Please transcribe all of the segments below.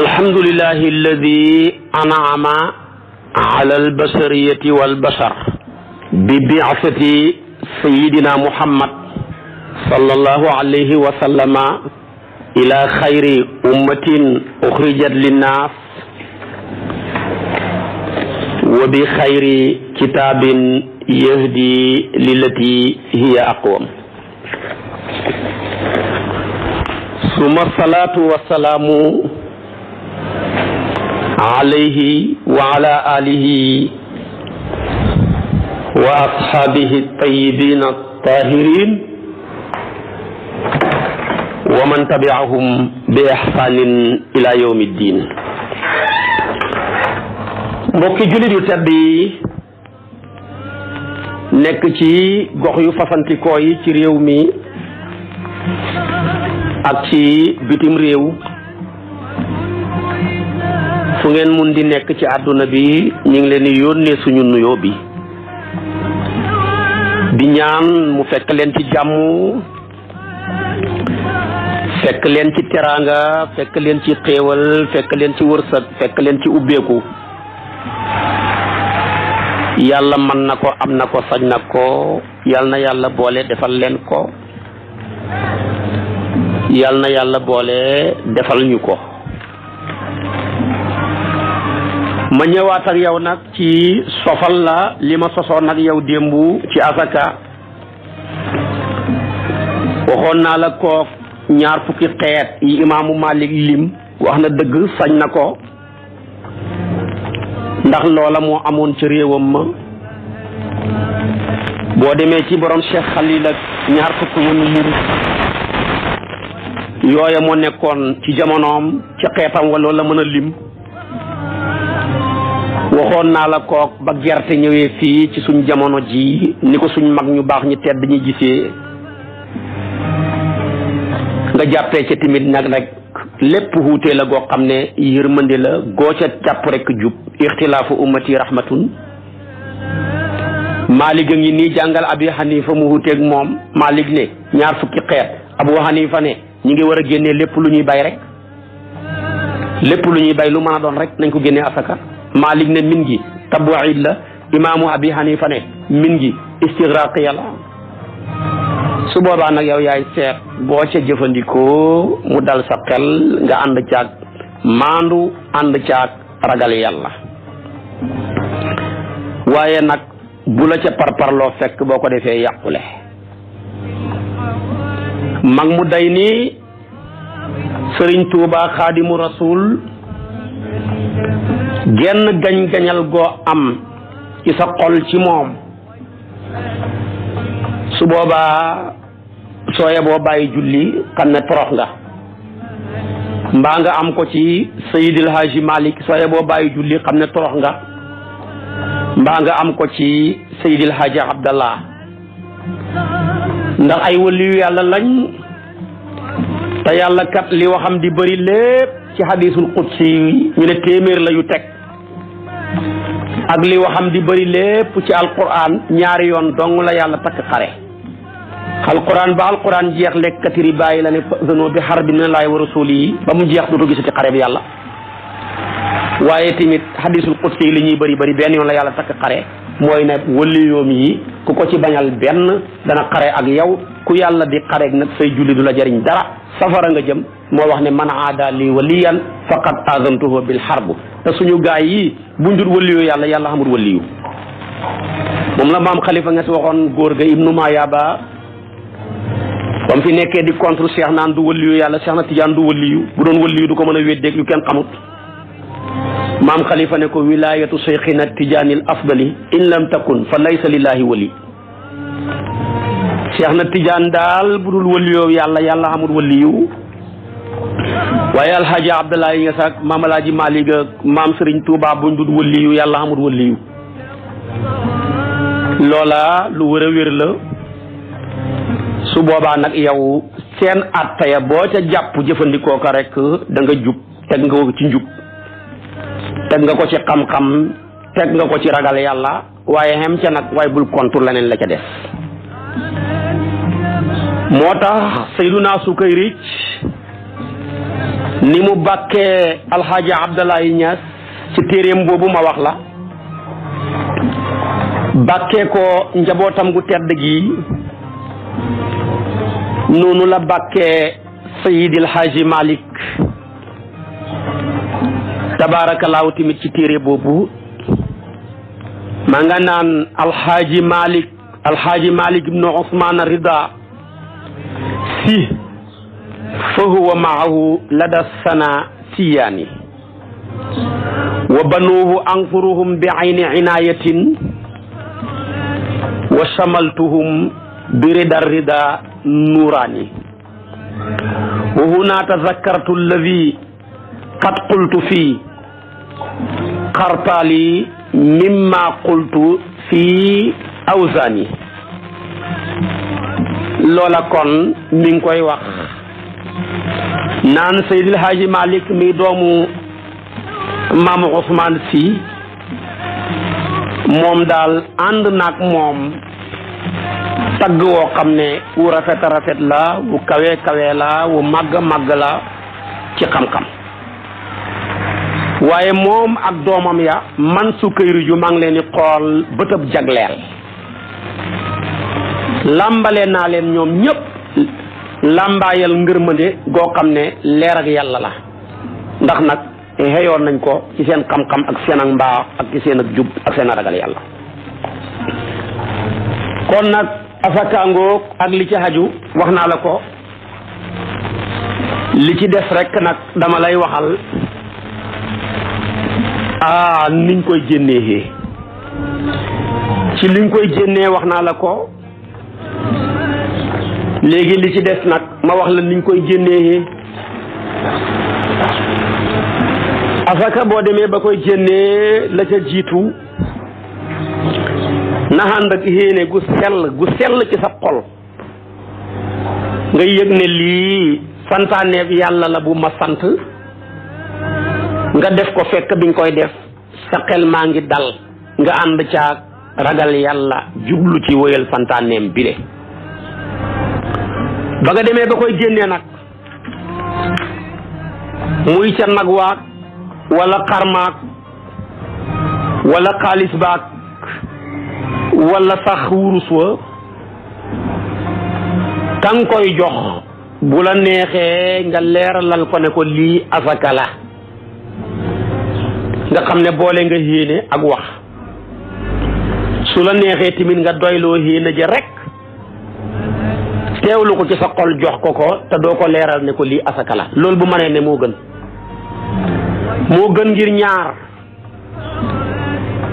alhamdulillahi alladi an'ama ala albasariyati walbasar bi bi'sati sayidina muhammad sallallahu alayhi wa sallama ila xayri ummatin uxrijat linnas wa bi xayri kitaabin yahdi lillati hiya aqwam suma salaatu wa salaamu alayhi wa ala alihi wa ashaabihi tayyibin tahirin wa man tabiahum bi ihsanin ila yawmi ddin mbokki jullit yu tedd yi nekk ci gox yu fasantikoo yi ci réew mi ak ci bitim réew fu ngeen mun di nekk ci àdduna bi ñu ngi leen di yónnee suñu nuyoo bi di ñaan mu fekk leen ci jàmm fekk leen ci teraanga fekk leen ci xéewal fekk leen ci wërsëg fekk leen ci ubbeeku yàlla man na ko am na ko sañ na ko yàlla na yàlla boole defal leen ko yàlla na yàlla boole defal ñu ko ma ñëwaat ak yow nag ci sofal la li ma sosoon ak yow démb ci asaka waxoon naa la ko ñaar fukki xeet yi imaamu Malik lim wax na dëgg sañ na ko ndax loola moo amoon ca réewam ma boo demee ci borom Cheikh Khalil ak ñaar fukk wënu muru yooya moo nekkoon ci jamonoom ci xeetam wa la mën a lim waxoon naa la kook ba gerte ñëwee fii ci suñ jamono ji ni ko suñ mag ñu baax ñi tedd ñi gisee nga jàppee ca timit nag rek lépp wuute la goo xam ne yërmande la goo ca rek jub ixtilaafu ummati rahmatun Malik a ngi ni jàngal Abi Hanifa mu wuuteeg moom Malik ne ñaar fukki xeet Abu Hanifa ne ñu ngi war a génnee lépp lu ñuy bay rek lépp lu ñuy bay lu mën a doon rek nañ ko génnee asaka Malik ne min gi tabwaid la imaamu Abi Hanifa ne min gi istigraqi yàlla su boobaa nag yow yaay seet boo ca jëfandikoo mu dal sa xel nga ànd caag maandu ànd caag ragal yàlla waaye nag bu la ca parparloo fekk boo ko defee yàqule mag mu day nii sëriñ tuuba xaadimu rasul genn gañ-gañal goo am ci sa xol ci moom su boobaa soo boo bàyyi julli xam ne torox nga mbaa nga am ko ci Seydil Haaji Malik sooye boo bàyyi julli xam ne torox nga mbaa nga am ko ci Seydil Haaji Abdallah ndax ay wëliyu yàlla lañ te yàlla kat li waxam di bari lépp ci hadisul qudsi ñu ne téeméer la yu teg ak li waxam di bëri lépp ci alquran ñaari yoon dong la yàlla takk xare alquran ba alquran jeex lekkati riba yi la ne zano bi xar bi minallahi wa rasulihi ba mu jeex dootu gisati xare bi yàlla waaye tamit hadisul qudsi li ñuy bari bëri benn yoon la yàlla takk xare mooy ne waliyoom yi ku ko ci bañal benn dana xare ak yow ku yàlla di xareeg nag say julli la jëriñ dara safara nga jëm moo wax ne man aada li waliyan faqad azamtuhu bil harb te suñu gaay yi bu njur waliyu yàlla yàlla xamul waliyu moom ba mu fi nekkee di contre seex naan du wëliyu yàlla Cheikh na Tidiane du wëliyu bu doon wëliyu du ko mën a weddeeg yu kenn xamut maam xalifa ne ko wilayatu cheikhina tijaanil afdali in lam takun fa laysa lillahi wali Cheikh na Tidiane daal bu dul wëliyoo yàlla yàlla amul wëliyu waaye alxaaji abdallah yi maam alaaji maalik maam sëriñ tuubaa buñ dul wëliyu yàlla amul wëliyu loola lu wër a wér la su boobaa nag yow seen attaya boo ca jàpp jëfandikoo ko rekk danga nga jub teg nga ko ci njub teg nga ko ci xam-xam teg nga ko ci ragal yàlla waaye xem ca nag waaye bul kontur leneen la ca def moo tax naa Seydunaa Sukayrij ni mu bàkkee alxaaji Abdalaahi Ñas ci téeréem boobu ma wax la bàkkee ko njabootam gu tedd gi noonu la bàkkee sayidil haaji malik tabaarakallaahu tamit ci téere boobu maa nga naan alhaaji malik alhaaji malik ibnu osmaan rida si fa huwa maahu lada sana siyaani wa banuuhu anfuruhum bi ayni inaayatin wa shamaltuhum bi rida rida nuuraani wa huna tazakkartu alladi qad xartaali mimma qultu fii awsaani loola kon mi ngi koy wax naan Seydil Haaji Malick mi doomu maamu Ousmane Sy moom daal ànd naag moom tagg woo xam ne wu rafet rafet la wu kawe kawe la wu màgg màgg la ci xam-xam waaye moom ak doomam ya man su ju maa ngi leen di xool bëtëb jagleel làmbale naa leen ñoom ñépp làmbaayal ngërmande goo xam ne leer ak yàlla la ndax nag xeyoon nañ ko ci seen xam-xam ak seen ak mbaax ak ci seen ak jub ak seen a ragal yàlla kon nag asakaangoog ak li ci haju wax naa la ko li ci des rek nag dama lay waxal ah niñ koy génnee ci liñ koy génnee wax naa la ko léegi li ci des nag ma wax la niñ koy génnee asaka boo demee ba koy génnee la ca jiitu na ànd ak yéene gu sell gu sell ci sa xol nga yëg ne lii santaaneeb yàlla la bu ma sant nga def ko fekk biñ koy def sa xel maa ngi dal nga ànd caag ragal yàlla jublu ci wéyal santaaneem bile ba nga demee ba koy génnee nag muy ca nag waag wala xarmaak wala xaalis baak wala sax wurus wa kan koy jox bu la neexee nga leeralal ko ne ko lii asaka la nga xam ne boole nga yéene ak wax su la neexee timit nga doyloo yéene ji rek teewlu ko ci sa xol jox ko ko te doo ko leeral ne ko lii asaka la loolu bu mënee ne moo gën moo gën ngir ñaar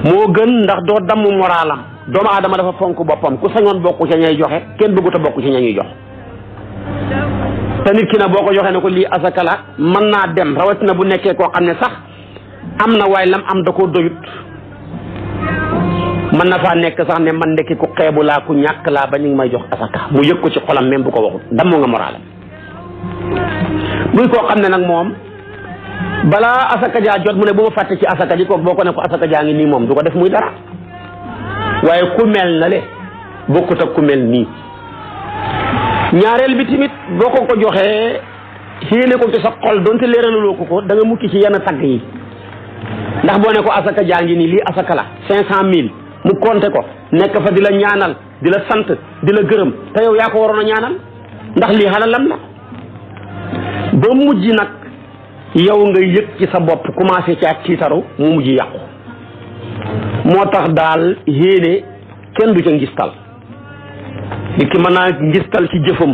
moo gën ndax doo damm moraalam doomu aadama dafa fonk boppam ku sañoon bokku ca ñay joxe kenn bëggut a bokk ci ña ñuy jox te nit ki nag boo ko joxee ne ko lii asaka mën naa dem rawatina bu nekkee koo xam ne sax am na waaye lam am da koo doyut na faa nekk sax ne man ndekki ku xeebu laa ñàkk laa ba ñu ngi may jox asaka mu yëg ko ci xolam même bu ko waxut damm nga moraalam muy koo xam ne nag moom balaa asaka jaa jot mu ne bu ma fàtte ci asaka ji kooku boo ko ne ko asaka jaa ngi nii moom du ko def muy dara waaye ku mel na le bokkut ak ku mel nii ñaareel bi tamit boo ko ko joxee xéene ko ci sa xol donte leeraluloo ko ko da nga mukki ci yenn tagg yi ndax boo ne ko asaka jaa ngi nii lii asaka la cinq cent mille mu compté ko nekk fa di la ñaanal di la sant di la gërëm te yow yaa ko waroon a ñaanal ndax lii xalalam la ba mujj nag yow nga yëg ci sa bopp commencé ci ak tiitaru mu mujj yàqu moo tax daal yéene kenn du ca ngistal nit ki mën naa ngistal ci jëfam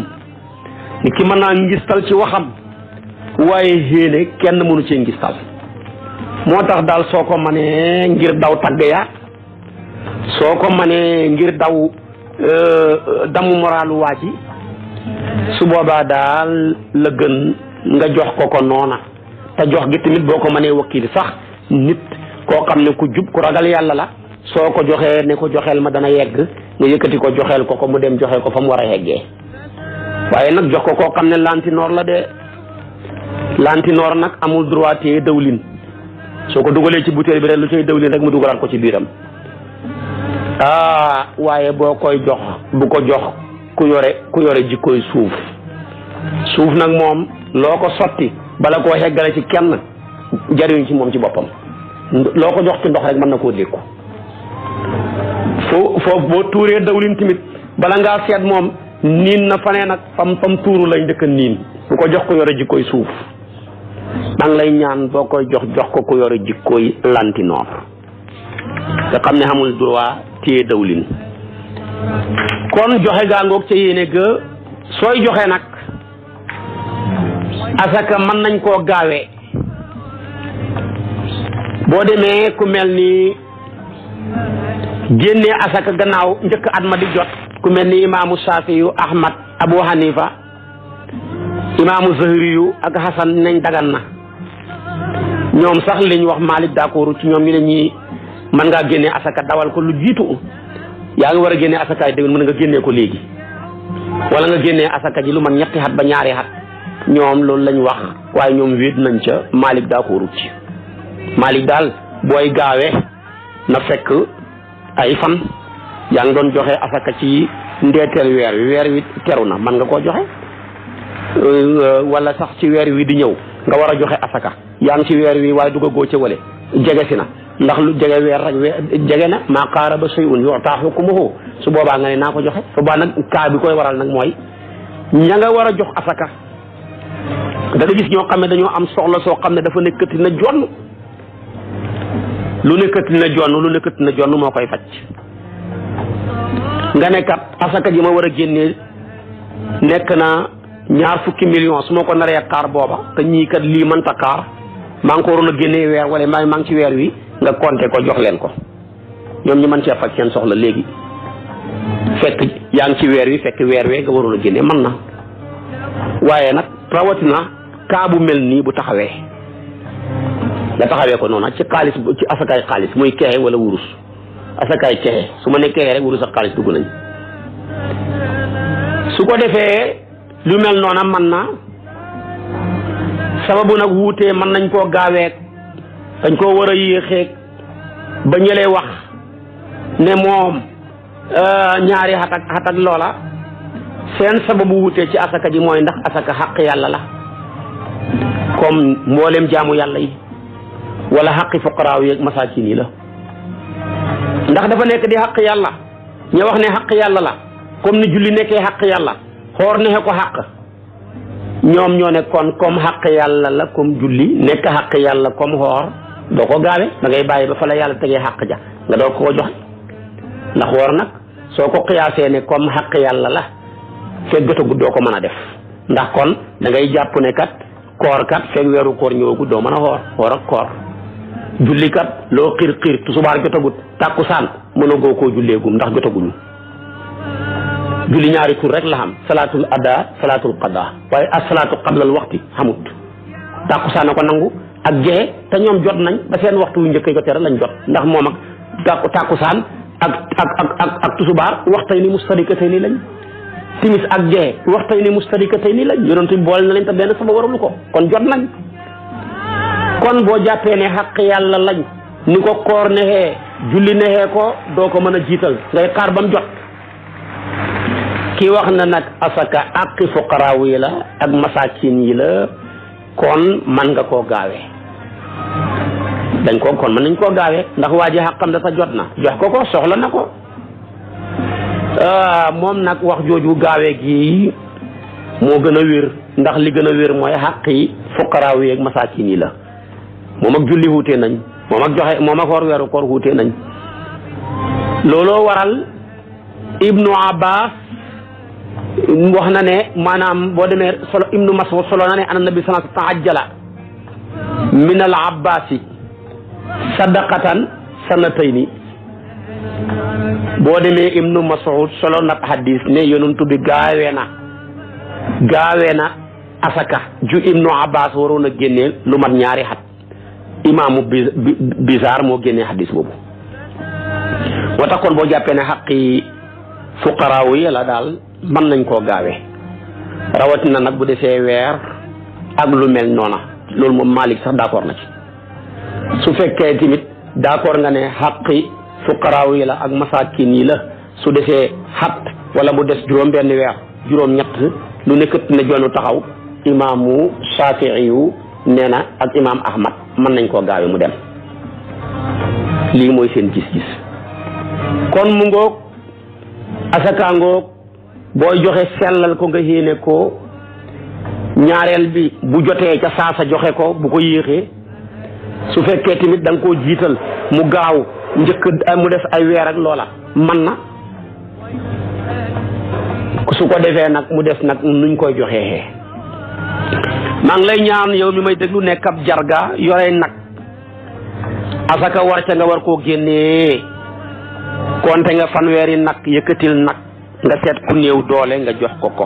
nit ki mën naa ngistal ci waxam waaye yéene kenn mënu cee ngistal moo tax daal soo ko manee ngir daw tagg ya soo ko manee ngir daw euh, damu moraalu waa ji su boobaa daal la gën nga jox ko ko noona te jox gi tamit boo ko mënee wakkili sax nit koo xam ne ku jub ku ragal yàlla la soo ko joxee ne ko joxeel ma dana yegg nga yëkkati ko joxeel ko ko mu dem joxe ko fa mu war a yeggee waaye nag jox ko koo xam ne lantinoor la de lantinoor nag amul droit téye dawlin soo ko dugalee ci butéel bi rek lu cay dawlin rek mu dugalaat ko ci biiram ah waaye boo koy jox bu ko jox ku yore ku yore jikkooy suuf suuf nag moom loo ko sotti bala koo heggale ci kenn jariñ ci moom ci boppam loo ko jox ci ndox rek mën na koo dékku foo foo boo tuuree dawlin tamit bala ngaa seet moom niin na faneen ak fam fam tuuru lañ dëkk niin bu ko jox ko yore jikkooy suuf maa ngi lay ñaan boo koy jox jox ko ku yore jikkooy lantinoor nga xam ne amul droit téye dawlin kon joxe gaa ngoog ca yéene sooy joxe nag asaka mën nañ koo gaawee boo demee ku mel ni génne asaka gannaaw njëkk at ma di jot ku mel ni imaamu Saafiyu Ahmad Abu Hanifa imaamu Zahriyu ak Hasan nañ dagan na ñoom sax lañ wax Malik d'accord ci ñoom ñu ne ñii mën ngaa génnee asaka dawal ko lu jiitu yaa ngi war a génne asaka yi déwén mën nga génnee ko léegi wala nga génnee asaka ji lu man ñetti xat ba ñaari xat ñoom loolu lañ wax waaye ñoom wéet nañ ca Malik d'accord ci Malick daal booy gaawee na fekk ay fan yaa ngi doon joxe asaka ci ndeeteel weer wi weer wi teru na man nga koo joxe euh, euh, wala sax ci weer wi di ñëw nga war a joxe asaka yaa ngi ci weer wi waaye dugg a góo wale jege na ndax lu jege weer rek weer jege na maa qaaraba shay'un yu'taa hukmuhu su boobaa nga ne naa ko joxe su kaa bi koy waral nag mooy ña nga war a jox asaka da nga gis ñoo xam ne dañoo am soxla soo xam ne dafa nekkati na jonn lu ne këtt na jonn lu ne na jonn moo koy faj nga nekkat asaka ji ma war a génnee nekk na ñaar fukki million su ma ko naree xaar booba te ñii lii mënta xaar maa ngi ko waroon a génnee weer wala maa maa ngi ci weer wi nga compter ko jox leen ko ñoom ñu mën cee faj seen soxla léegi fekk yaa ngi ci weer wi fekk weer wee nga waroon a génnee man na waaye nag rawatina na bu mel nii bu taxawee nga taxawee ko noonu ci xaalis ci asakaay xaalis muy kexe wala wurus asakaay kexe su ma ne kexe rek wurus ak xaalis dugg nañ su ko defee lu mel noona mën na sababu nag wuutee mën nañ koo gaawee dañ koo war a yéexee ba ñëlee wax ne moom euh, ñaari xat ak loola seen sababu wuutee ci asaka ji mooy ndax asaka xaq yàlla la comme mboolem jaamu yàlla yi wala xaqi fuqaraaw yeeg masaakin nii la ndax dafa nekk di xaq yàlla ñu wax ne xaq yàlla la comme ni julli nekkee xaq yàlla xoor nexe ko xaq ñoom ñoo ne kon comme xaq yàlla la comme julli nekk xaq yàlla comme xoor doo ko gaawe da ngay bàyyi ba fa la yàlla tegee xaq ja nga doo ko joxe ndax xoor nag soo ko xiyaasee ne comme xaq yàlla la fekk gëtagut doo ko mën a def ndax kon dangay ngay jàpp ne kat koor kat fekk weeru koor ñëwagut doo mën a xoor xoor ak jullikat loo xiir xiir tusubaar jotagut tàkkusaan mënagoo koo julleegum ndax jotaguñu julli ñaari tur rek la xam salaatul ada salaatul qada waaye as salaatu qablal waxti xamut tàkkusaan a ko nangu ak gexe te ñoom jot nañ ba seen waxtu wu njëkk jotee rek lañ jot ndax moom ak saan ak ak ak ak tusubaar waxtay ni mustarikatay ni lañ timis ak gexe waxtay ni mustarikatay ni lañ yonent bi boole na leen te benn sama waralu ko kon jot nañ kon boo jàppee ne xaq yàlla lañ ni ko koor nexee julli nexee ko doo ko mën a jiital ngay xaar ba mu jot ki wax na nag asaka àqi fuqaraaw yi la ak masaakin yi la kon man nga koo gaawee dañ ko kon mën nañ koo gaawee ndax waa ji xaqam ta jot na jox ko ko soxla na ko ah, moom nag wax jooju gaawee gi moo gën a wér ndax li gën a wér mooy xaq yi fuqaraaw yi ak masaakin yi la moom ak julli wuute nañ moom ak joxe moom ak woor weeru koor wuute nañ looloo waral ibnu abbas wax na ne maanaam boo demee solo ibnu mas'ud solo na ne ana nabi sallallahu alayhi wa sallam ajjala min al abbasi sadaqatan sanatayni boo demee ibnu mas'ud solo na hadis ne yonentu bi gaawee na gaawee na asaka ju ibnu abbas waroon a génnee lu mat ñaari xat imaamu bizarre moo génnee xadis boobu moo tax kon boo jàppee ne xaqi fuqaraaw yi la daal mën nañ koo gaawe rawatina nag bu defee weer ak lu mel noona loolu moom Malik sax d'accord na ci su fekkee tamit d'accord nga ne xaqi fuqaraaw yi la ak masaakin yi la su defee xat wala mu des juróom benn weer juróom ñett lu nekkati na jonu taxaw imaamu Shaafi'i nee na ak imaam Ahmad mën nañ koo gaawe mu dem lii mooy seen gis-gis kon mu ngoog asaka ngoog booy joxe sellal ko nga yéene ko ñaareel bi bu jotee ca saasa joxe ko bu ko yéexee su fekkee tamit danga ko jiital mu gaaw njëkk eh, mu def ay weer loola man na su ko defee nag mu des nag nuñ koy joxee maa ngi lay ñaan yow mi may déglu nekk ab jarga yore nag asaka war ca nga war koo génnee konte nga fanweeri nag yëkkatil nag nga seet ku néew doole nga jox ko ko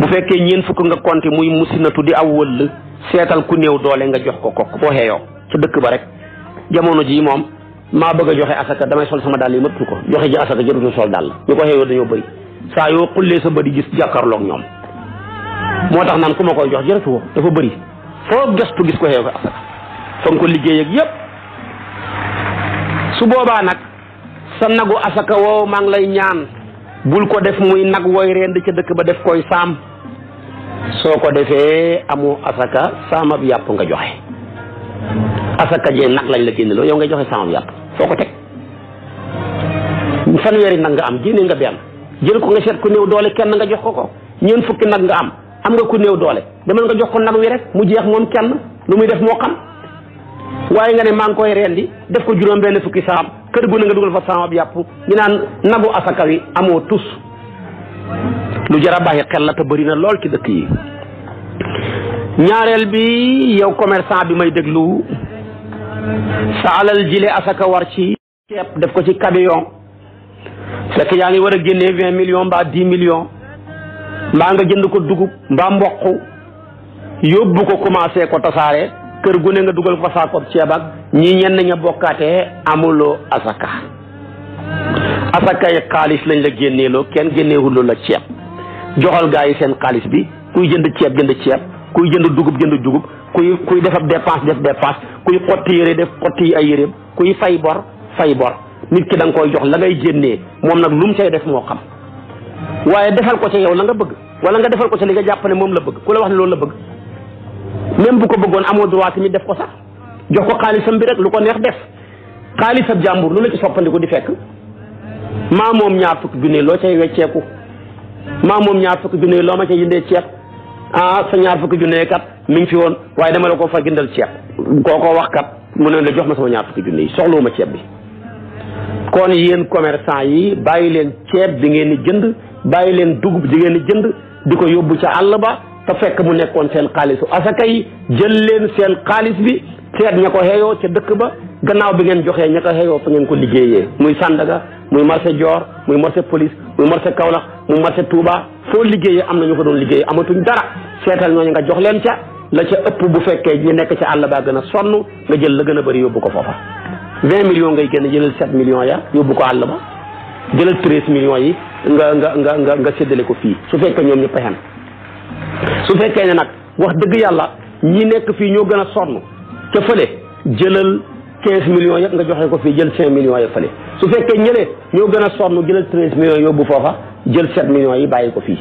bu fekkee ñeent fukk nga konte muy musinatu di aw wëll seetal ku néew doole nga jox ko ko koo xeeyoo ca dëkk ba rek jamono ji moom maa bëgg a joxe asaka damay sol sama dàll yi mëttu ko joxe ji asaka jërutu sol dàll ñu ko xeeyoo dañoo bëri saa yoo xullee sa bët di gis jàkkarlook ñoom moo tax naan ku ma koy jox jërëtu ko dafa bëri foo gëstu gis ko xeew ko asaka fa ko liggéey ak yépp su boobaa nag sa nagu asaka wow maa ngi lay ñaan bul ko def muy nag wooy rend ca dëkk ba def koy saam soo ko defee amoo asaka saamab yàpp nga joxe asaka jee nag lañ la génne loo yow ngay joxe saamab yàpp foo ko teg fanweeri nag nga am génne nga benn jël ko nga seet ku new doole kenn nga jox ko ko ñeent fukki nag nga am am nga ku néew doole demal nga jox ko nag wi rek mu jeex moom kenn lu muy def moo xam waaye nga ne maa ngi koy rendi def ko juróom benn fukki saam kër gu ne nga dugal fa saamab yàpp ñu naan nagu asaka wi amoo tus lu jar a bàyyi xel la te bëri na lool ci dëkk yi ñaareel bi yow commerçant bi may déglu sa alal jile asaka war ci ceeb def ko ci camion fekk yaa ngi war a génnee vingt million mbaa dix million mbaa nga jënd ko dugub mbaa mboq yóbbu ko commencé ko tasaare kër gu ne nga dugal ko saako ceeb ak ñii ñenn ña bokkaatee amuloo asaka asakay xaalis lañ la génneeloo kenn génneewuloo la ceeb joxal gaa yi seen xaalis bi kuy jënd ceeb jënd ceeb kuy jënd dugub jënd dugub kuy kuy def ab def dépense kuy xotti yére def xotti ay yéreem kuy fay bor fay bor nit ki danga koy jox la ngay génnee moom nag lu mu cay def moo xam. waaye defal ko ci yow la nga bëgg wala nga defal ko ci li nga jàpp ne moom la bëgg ku la wax ne loolu la bëgg même bu ko bëggoon amoo droit tamit def ko sax jox ko xaalisam bi rek lu ko neex def xaalisab jàmbur lu la ci soppandiku di fekk maa moom ñaar fukki junne loo cay wecceeku maa moom ñaar fukki loo ma ca yindee ceeb ah sa ñaar fukki junne kat mi ngi fi woon waaye dama la ko fa gindal ceeb koo ko wax kat mu ne la jox ma sama ñaar fukki junne yi soxlawuma ceeb bi kon yéen commerçant yi bàyyi leen ceeb bi ngeen di jënd bàyyi leen dugub ji ngeen di jënd di ko yóbbu ca àll ba te fekk mu nekkoon seen xaalisu asaka yi jël leen seen xaalis bi seet ña ko xeyoo ca dëkk ba gannaaw bi ngeen joxee ña ko xeyoo fa ngeen ko liggéeyee muy Sandaga muy marché Dior muy marché police muy marché Kaolack muy marché Touba foo liggéeyee am na ñu ko doon liggéey amatuñ dara seetal ñooñu nga jox leen ca la ca ëpp bu fekkee ñu nekk ca àll baa gën a sonn nga jël la gën a bëri yóbbu ko foofa 20 millions ngay génn jëlal 7 millions ya yóbbu ko àll ba jëlal treize millions yi nga nga nga nga nga séddale ko fii su fekkee ñoom ñu pexen su fekkee ne nag wax dëgg yàlla ñi nekk fii ñoo gën a sonn te fële jëlal quinze millions yëpp nga joxe ko fii jël cinq millions yi fële su fekkee ñëlee ñoo gën a sonn jëlal treize millions yóbbu foofa jël sept millions yi bàyyi ko fii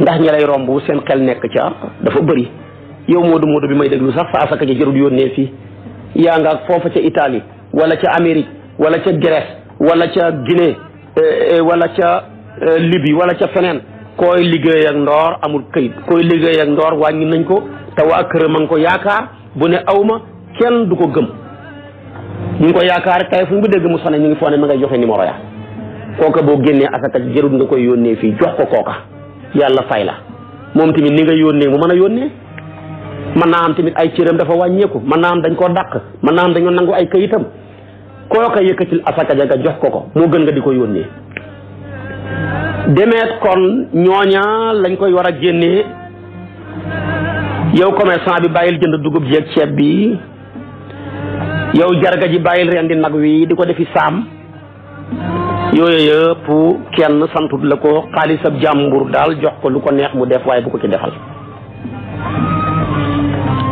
ndax ñi lay romb seen xel nekk ca dafa bëri yow moodu moodu bi may déglu sax fa asaka ja jërul yónnee fii yaa nga foofa ca Italie wala ca Amérique wala ca Grèce wala ca Guinée eh, eh, wala ca eh, Libye wala ca feneen koy liggéey ak ndoor amul kayit koy liggéey ak ndoor wàññi nañ ko te waa kër a ngi ko yaakaar bu ne awma kenn du ko gëm ñu ngi ko yaakaar tey fu mu ko dégg mu sone ñu ngi foo ne ma ngay joxe numéro ya kooka boo génnee asaka jërul nga koy yónnee fii jox ko kooka yàlla fay la moom tamit ni nga yónnee mu mën a yónnee mën naa am tamit ay cëram dafa wàññeeku mën naa am dañ koo dàq mën naa am dañoo nangu ay kayitam kooka yëkkatil asaka ja nga jox ko ko moo gën nga di ko yónnee demeet kon ñooña lañ koy war a génnee yow commerçant bi bàyyil jënd dugub ji ak ceeb bi yow jarga ji bàyyil rendi nag wi di ko defi saam yooyu yëpp kenn santut la ko xaalisab jàmbur daal jox ko lu ko neex mu def waaye bu ko ci defal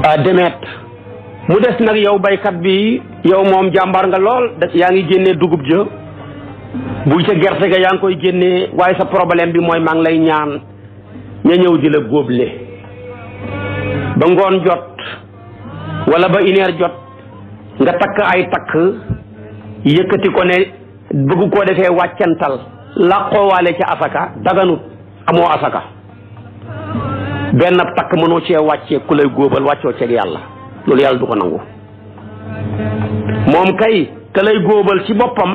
ah, demeet mu des nag yow baykat bi yow moom jàmbaar nga lool yaa ngi génnee dugub jë bu ca gerte ga yaa ngi koy génnee waaye sa problème bi mooy maa ngi lay ñaan ña ñëw di la góoble ba ngoon jot wala ba une jot nga takk ay takk yëkkati ko ne bëgg koo defee wàccantal làqoowaale ci asaka daganut amoo asaka benn takk mënoo cee wàccee ku lay góobal wàccoo ceeg yàlla loolu yàlla du ko nangu moom kay te lay góobal ci boppam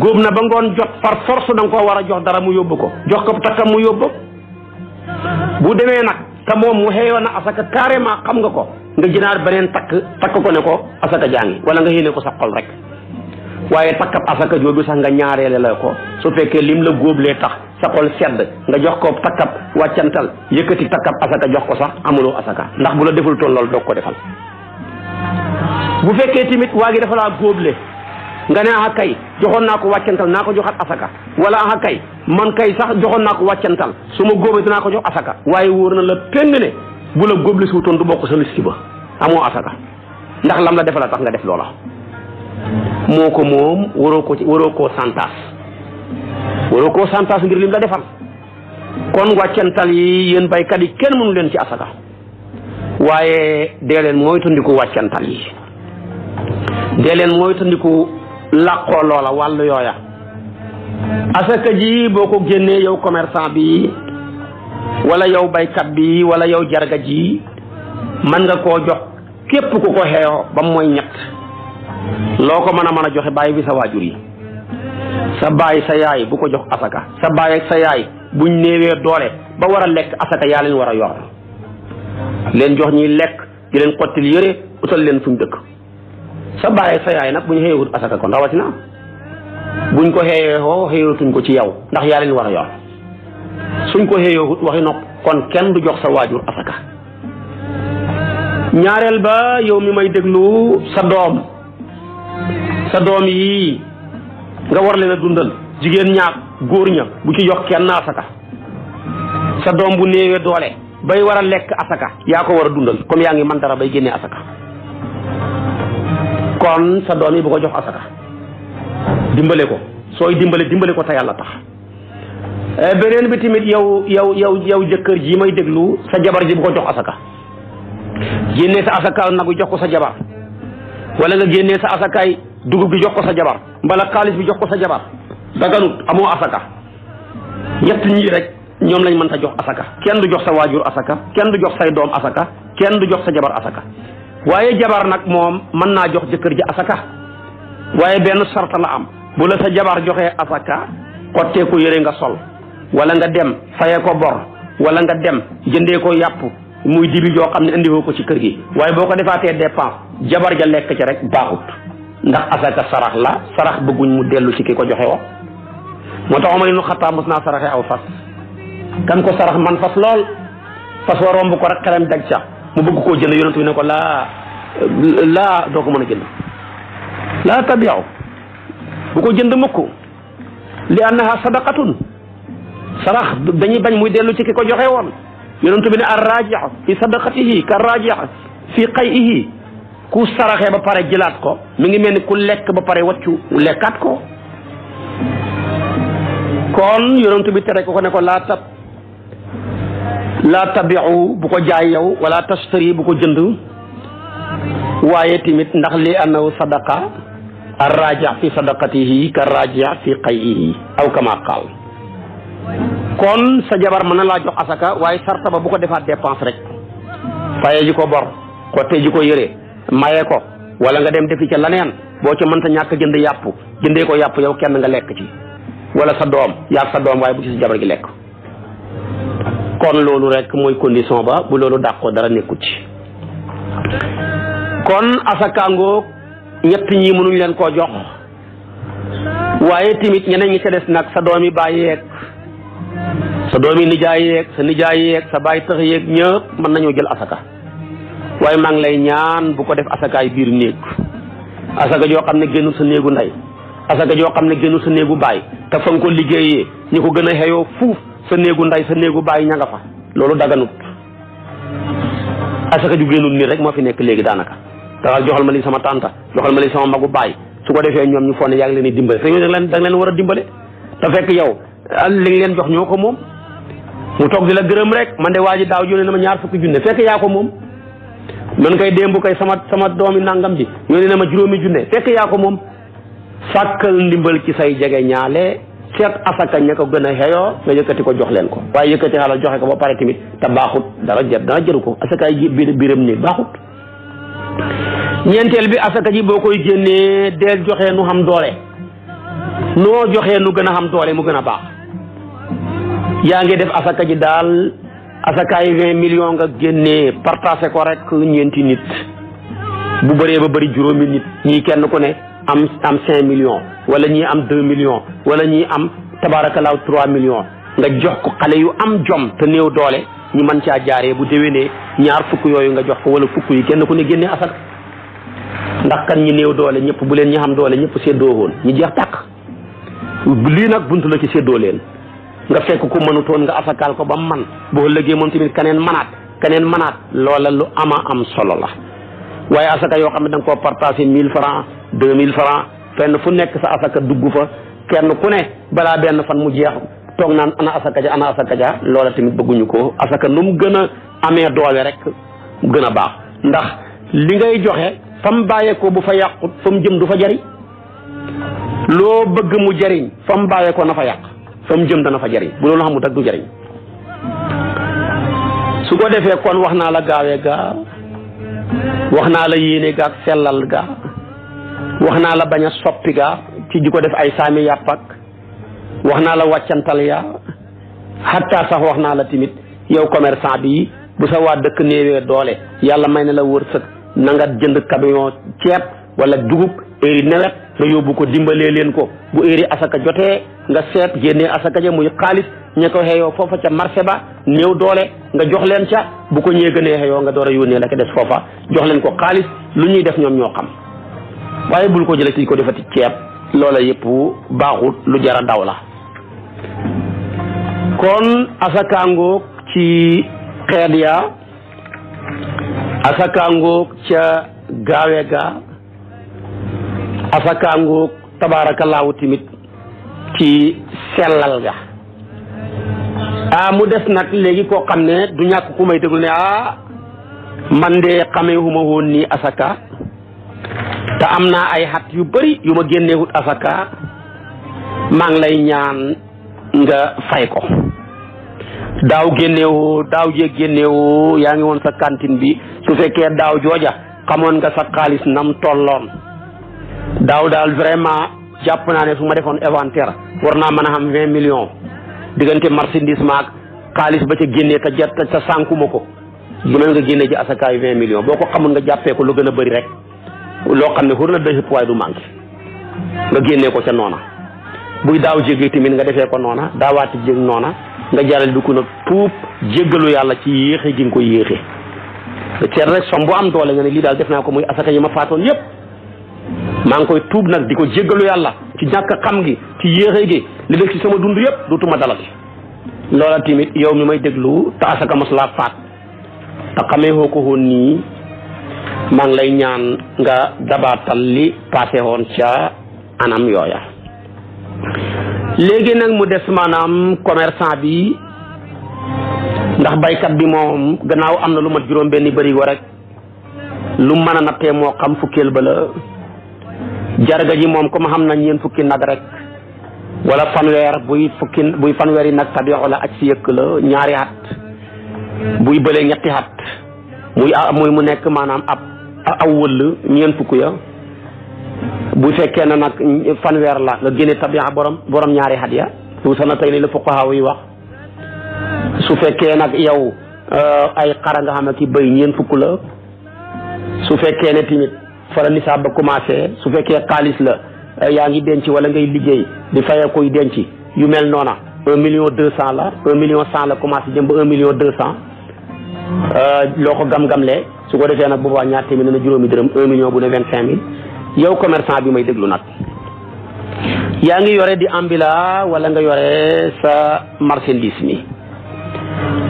góob na ba ngoon jot par force da nga koo war a jox dara mu yóbbu ko jox ko takkam mu yóbbu bu demee nag te moom mu xeeyoon na asaka carrément xam nga ko nga jënaar beneen takk takk ko ne ko asaka jaa ngi wala nga yéene ko sa xol rek waaye takkab asaka jooju sax nga ñaareele la ko su fekkee lim la góoblee tax sa xol sedd nga jox ko takkab wàccantal yëkkati takkab asaka jox ko sax amuloo asaka ndax bu la deful toon loolu doog ko defal fekkee tamit waa dafa laa góoble nga ne ah joxoon naa ko wàccantal naa ko joxat asaka wala ah man kay sax joxoon naa ko wàccantal su ma góobee dinaa ko jox asaka waaye wóor na la péng ne bu la góoble si wutoon du bokk sa ba amoo asaka ndax lam la defal la tax nga def loola moo ko moom waroo ko waroo koo santaas waroo koo santaas ngir lim la defal kon wàccantal yi yéen baykat yi kenn mënu leen ci asaka waaye dee leen mooy tundiku wàccantal yi dee leen mooy tundiku làqoo loola wàllu yooya asaka ji boo ko génnee yow commerçant bi walla yow baykat bi wala yow jarga ji mën nga koo jox képp ku ko xeeyoo ba mooy ñett loo ko mën a mën a joxe bàyyi bi sa waajur yi sa baay sa yaay bu ko jox asaka sa baay ak sa yaay buñ néewee doole ba war a lekk asaka yaa leen war a yor leen jox ñuy lekk di leen xottil yëre utal leen fuñ dëkk sa baay ak sa yaay nag buñ xëyewut asaka kon rawatina buñ ko xëyewoo ko ci yow ndax yaa leen war a ko xëyewut waxi kon kenn du jox sa waajur asaka ñaareel ba yow mi may déglu sa doom sa doom yii nga war leen a dundal jigéen ñaak góor ña bu ci jox kenn asaka sa doom bu néewee doole bay war a lekk asaka yaa ko war a dundal comme yaa ngi man dara bay génnee asaka kon sa doom yi bu ko jox asaka dimbale ko sooy dimbale dimbale ko te yàlla tax eh, beneen bi tamit yow yow yow yow jëkkër ji may déglu sa jabar ji bu ko jox asaka génnee sa asaka nagu jox ko sa jabar wala nga génnee sa asakaay dugub bi jox ko sa jabar mbala xaalis bi jox ko sa jabar daganut amoo asaka ñett ñii rek ñoom lañ mën ta jox asaka kenn du jox sa waajur asaka kenn du jox say doom asaka kenn du jox sa jabar asaka waaye jabar nag moom mën naa jox jëkkër ji asaka waaye benn sarta la am bu la sa joxee asaka xotteeku yére nga sol wala nga dem fayee ko bor wala nga dem jëndee ko yàpp muy dibi joo xam ne indiwoo ko ci kër gi waaye boo ko defaatee dépense jabar ja lekk ci rek baaxut ndax asaka sarax la sarax bëgguñ mu dellu ci ki ko joxe wa moo tax Omar ibnu Xattaab mos naa saraxe aw fas kan ko sarax man fas lool fas wa romb ko rek xelam daj ca mu bëgg koo jënd yonent bi ne ko laa laa doo ko mën a jënd laa tabiaw bu ko jënd mukk li annaha sadaqatun sarax dañuy bañ muy dellu ci ki ko joxe woon yonent bi ne ar raajix fi sadaqatihi ka raajix fi qayihi ku saraxee ba pare jëlaat ko mi ngi mel ni ku lekk ba pare waccu lekkaat ko kon yonent bi tere ko ko ne ko laa tab laa tabiu bu ko jaay yow wala tastari bu ko jënd waaye tamit ndax li annahu sadaqa arraja fi sadaqatihi ka raja fi qayihi aw kama qaal kon sa jabar mën na laa jox asaka waaye sarta ba bu ko defaat dépense rek faye ji ko bor xotte ji ko yëre maye ko wala nga dem defi ca laneen boo ca mënta ñàkk jënd yàpp jëndee ko yàpp yow kenn nga lekk ci wala sa doom yaa sa doom waaye bu ci gi lekk kon loolu rek mooy condition ba bu loolu dàqoo dara nekku ci kon asakaangoog ñett ñi mënuñ leen koo jox waaye tamit ñeneen ñi ca des nag sa doom yi bàyyi yeeg sa doom yi nijaay yeeg sa nijaay yeeg sa bàyyi tax yeeg ñëpp mën nañoo jël asaka waaye maa ngi lay ñaan bu ko def asakaay biir néeg asaka joo am ne génnul sa néegu ndey asaka joo xam ne génnul sa néegu baay te fa nga ko liggéeyee ñi ko gën a xeyoo fuuf sa néegu ndey sa néegu baay ña nga fa loolu daganut asaka ju génnul nii rek moo fi nekk léegi daanaka daal joxal ma sama tànta joxal ma li sama magu baay su ko defee ñoom ñu foog ne yaa ngi leen di dimbale da nga war a dimbale te fekk yow ah, li nga leen jox ñoo ko moom mu toog di la gërëm rek man de waa ji daaw yónnee na ma ñaar fukki junne fekk yaa ko moom. man koy démb koy sama sama doomi nangam ji ñoo ne ma juróomi junne fekk yaa ko moom sàkkal ndimbal ci say jege ñaale seet asaka ña ko gën a xeyoo nga yëkkati ko jox leen ko waaye yëkkati xalal joxe ko ba pare tamit te baaxut dara jër dara jëru ko asaka yi biir biiram nii baaxut ñeenteel bi asaka ji boo koy génnee deel joxe nu xam doole noo joxe nu gën a xam doole mu gën a baax yaa ngi def asaka ji daal asakaay vingt millions nga génnee partagé ko rek ñeenti nit bu bëree ba bëri juróomi nit ñii kenn ku ne am am cinq million wala ñii am deux million wala ñii am tabaarakalaaw trois millions nga jox ko xale yu am jom te néew doole ñu mën caa jaaree bu déwénee ñaar fukk yooyu nga jox ko wala fukk yi kenn ku ne génnee asaka ndax kan ñi néew doole ñëpp bu leen ñi xam doole ñëpp séddoo woon ñu jeex tàkk lii nag buntu la ci séddoo leen nga fekk ku mënutoon nga asakaal ko ba man boo lëggee moom tamit keneen manaat keneen manaat loola lu ama am solo la waaye asaka yoo xam ne da nga koo mille francs deux mille francs fenn fu nekk sa asaka dugg fa kenn ku ne balaa benn fan mu jeex toog naan ana asaka ja ana asaka ja loola tamit bëgguñu ko asaka nu mu gën a amee doole rek mu gën a baax ndax li ngay joxe fa mu bàyyeekoo bu fa yàqut fa mu jëm du fa jariñ loo bëgg mu jariñ fa mu bàyyeekoo na fa yàq fa mu jëm dana fa jariñ bu loolu xamut daggu du jariñ su ko defee kon wax naa la gaawee gaa wax naa la yéene gaa sellal gaa wax naa la bañ a soppi gaa ci di ko def ay saami yàpp wax naa la wàccantal yaa xatta wax naa la tamit yow commerçant bi bu sa waa dëkk néewee doole yàlla may ne la wërsëg na jënd camion ceeb wala dugub heure nawet nga yóbbu ko dimbalee leen ko bu heure asaka jotee nga seet génnee asaka ja muy xaalis ña ko xeeyoo foofa ca marché ba ñëw doole nga jox leen ca bu ko ñee gënee xeeyoo nga door a yónnee la ko des foofa jox leen ko xaalis lu ñuy def ñoom ñoo xam waaye bul ko jëlee ci ko defati ceeb loola yëpp baaxut lu jara daw la kon asakaangoog ci xeet ya asakaangoog ca gaawe ga asaka ngoog tabaarakallaahu tamit ci sellal ga ah mu des nag léegi koo xam ne du ñàkk ku may déglu ne ah man de xamee huma woon nii asaka te am naa ay xat yu bari yu ma génneewut asaka maa ngi lay ñaan nga fay ko daaw génneewoo daaw jéeg génneewoo yaa ngi woon sa cantine bi su fekkee daaw jooja xamoon nga sa xaalis nam tolloon daaw daal vraiment jàpp naa ne su ma defoon inventaire war naa mën a xam vingt millions diggante marchandise maag xaalis ba ca génnee te jot te sànkuma ko mën nga génne ci asakaayu vingt millions boo ko xamul nga jàppee ko lu a bëri rek loo xam ne xur na dëxëpp waaye du manqué nga génnee ko ca noona buy daaw jege tamit nga defee ko noona daawaati jég noona nga jaral du ko nag tuub jéggalu yàlla ci yéexe gi nga ko yéexe ceer rek som bu am doole nga ne lii daal def naa ko muy asaka yi ma faatoon yëpp maa ngi koy tuub nag di ko jéggalu yàlla ci ñàkk xam gi ci yéexe gi li nekk ci sama dund yëpp dootuma dalati loola tamit yow mi may déglu te asaka mos laa faat te xamee woo ko nii maa lay ñaan nga dabaatal li passé woon ca anam yooya léegi nag mu des maanaam commerçant bi ndax baykat bi moom gannaaw am na lu mat juróom benni bëri ko rek lu mën a nattee moo xam fukkeel ba la jarga ji moom comme xam nañ ñeen fukki nag rek wala fanweer buy fukki buy fanweeri nag tabiixu la aj si yëkk la ñaari at buy bëlee ñetti xat muy muy mu nekk maanaam ab aw wëll ñeen fukk ya bu fekkee na nag fanweer la nga génne tabiixa borom ñaari xat ya su sana tey ni la fuqahaa yi wax su fekkee nag yow euh, ay xara nga xam ne ki bëy ñeen fukk la su fekkee ne timit fa la nisaab ba commencé su fekkee xaalis la eh, yaa ngi denc wala ngay liggéey di fayee koy denc yu mel noona un million deux cent la un million cent la commencé jëm ba un million deux cent euh, loo ko gam-gamlee su ko defee nag bu boobaa ñaar téeméer na juróomi dërëm un million bu ne vingt cinq mille yow commerçant bi may déglu nag yaa ngi yore di ambila walla nga yore sa marchandise mi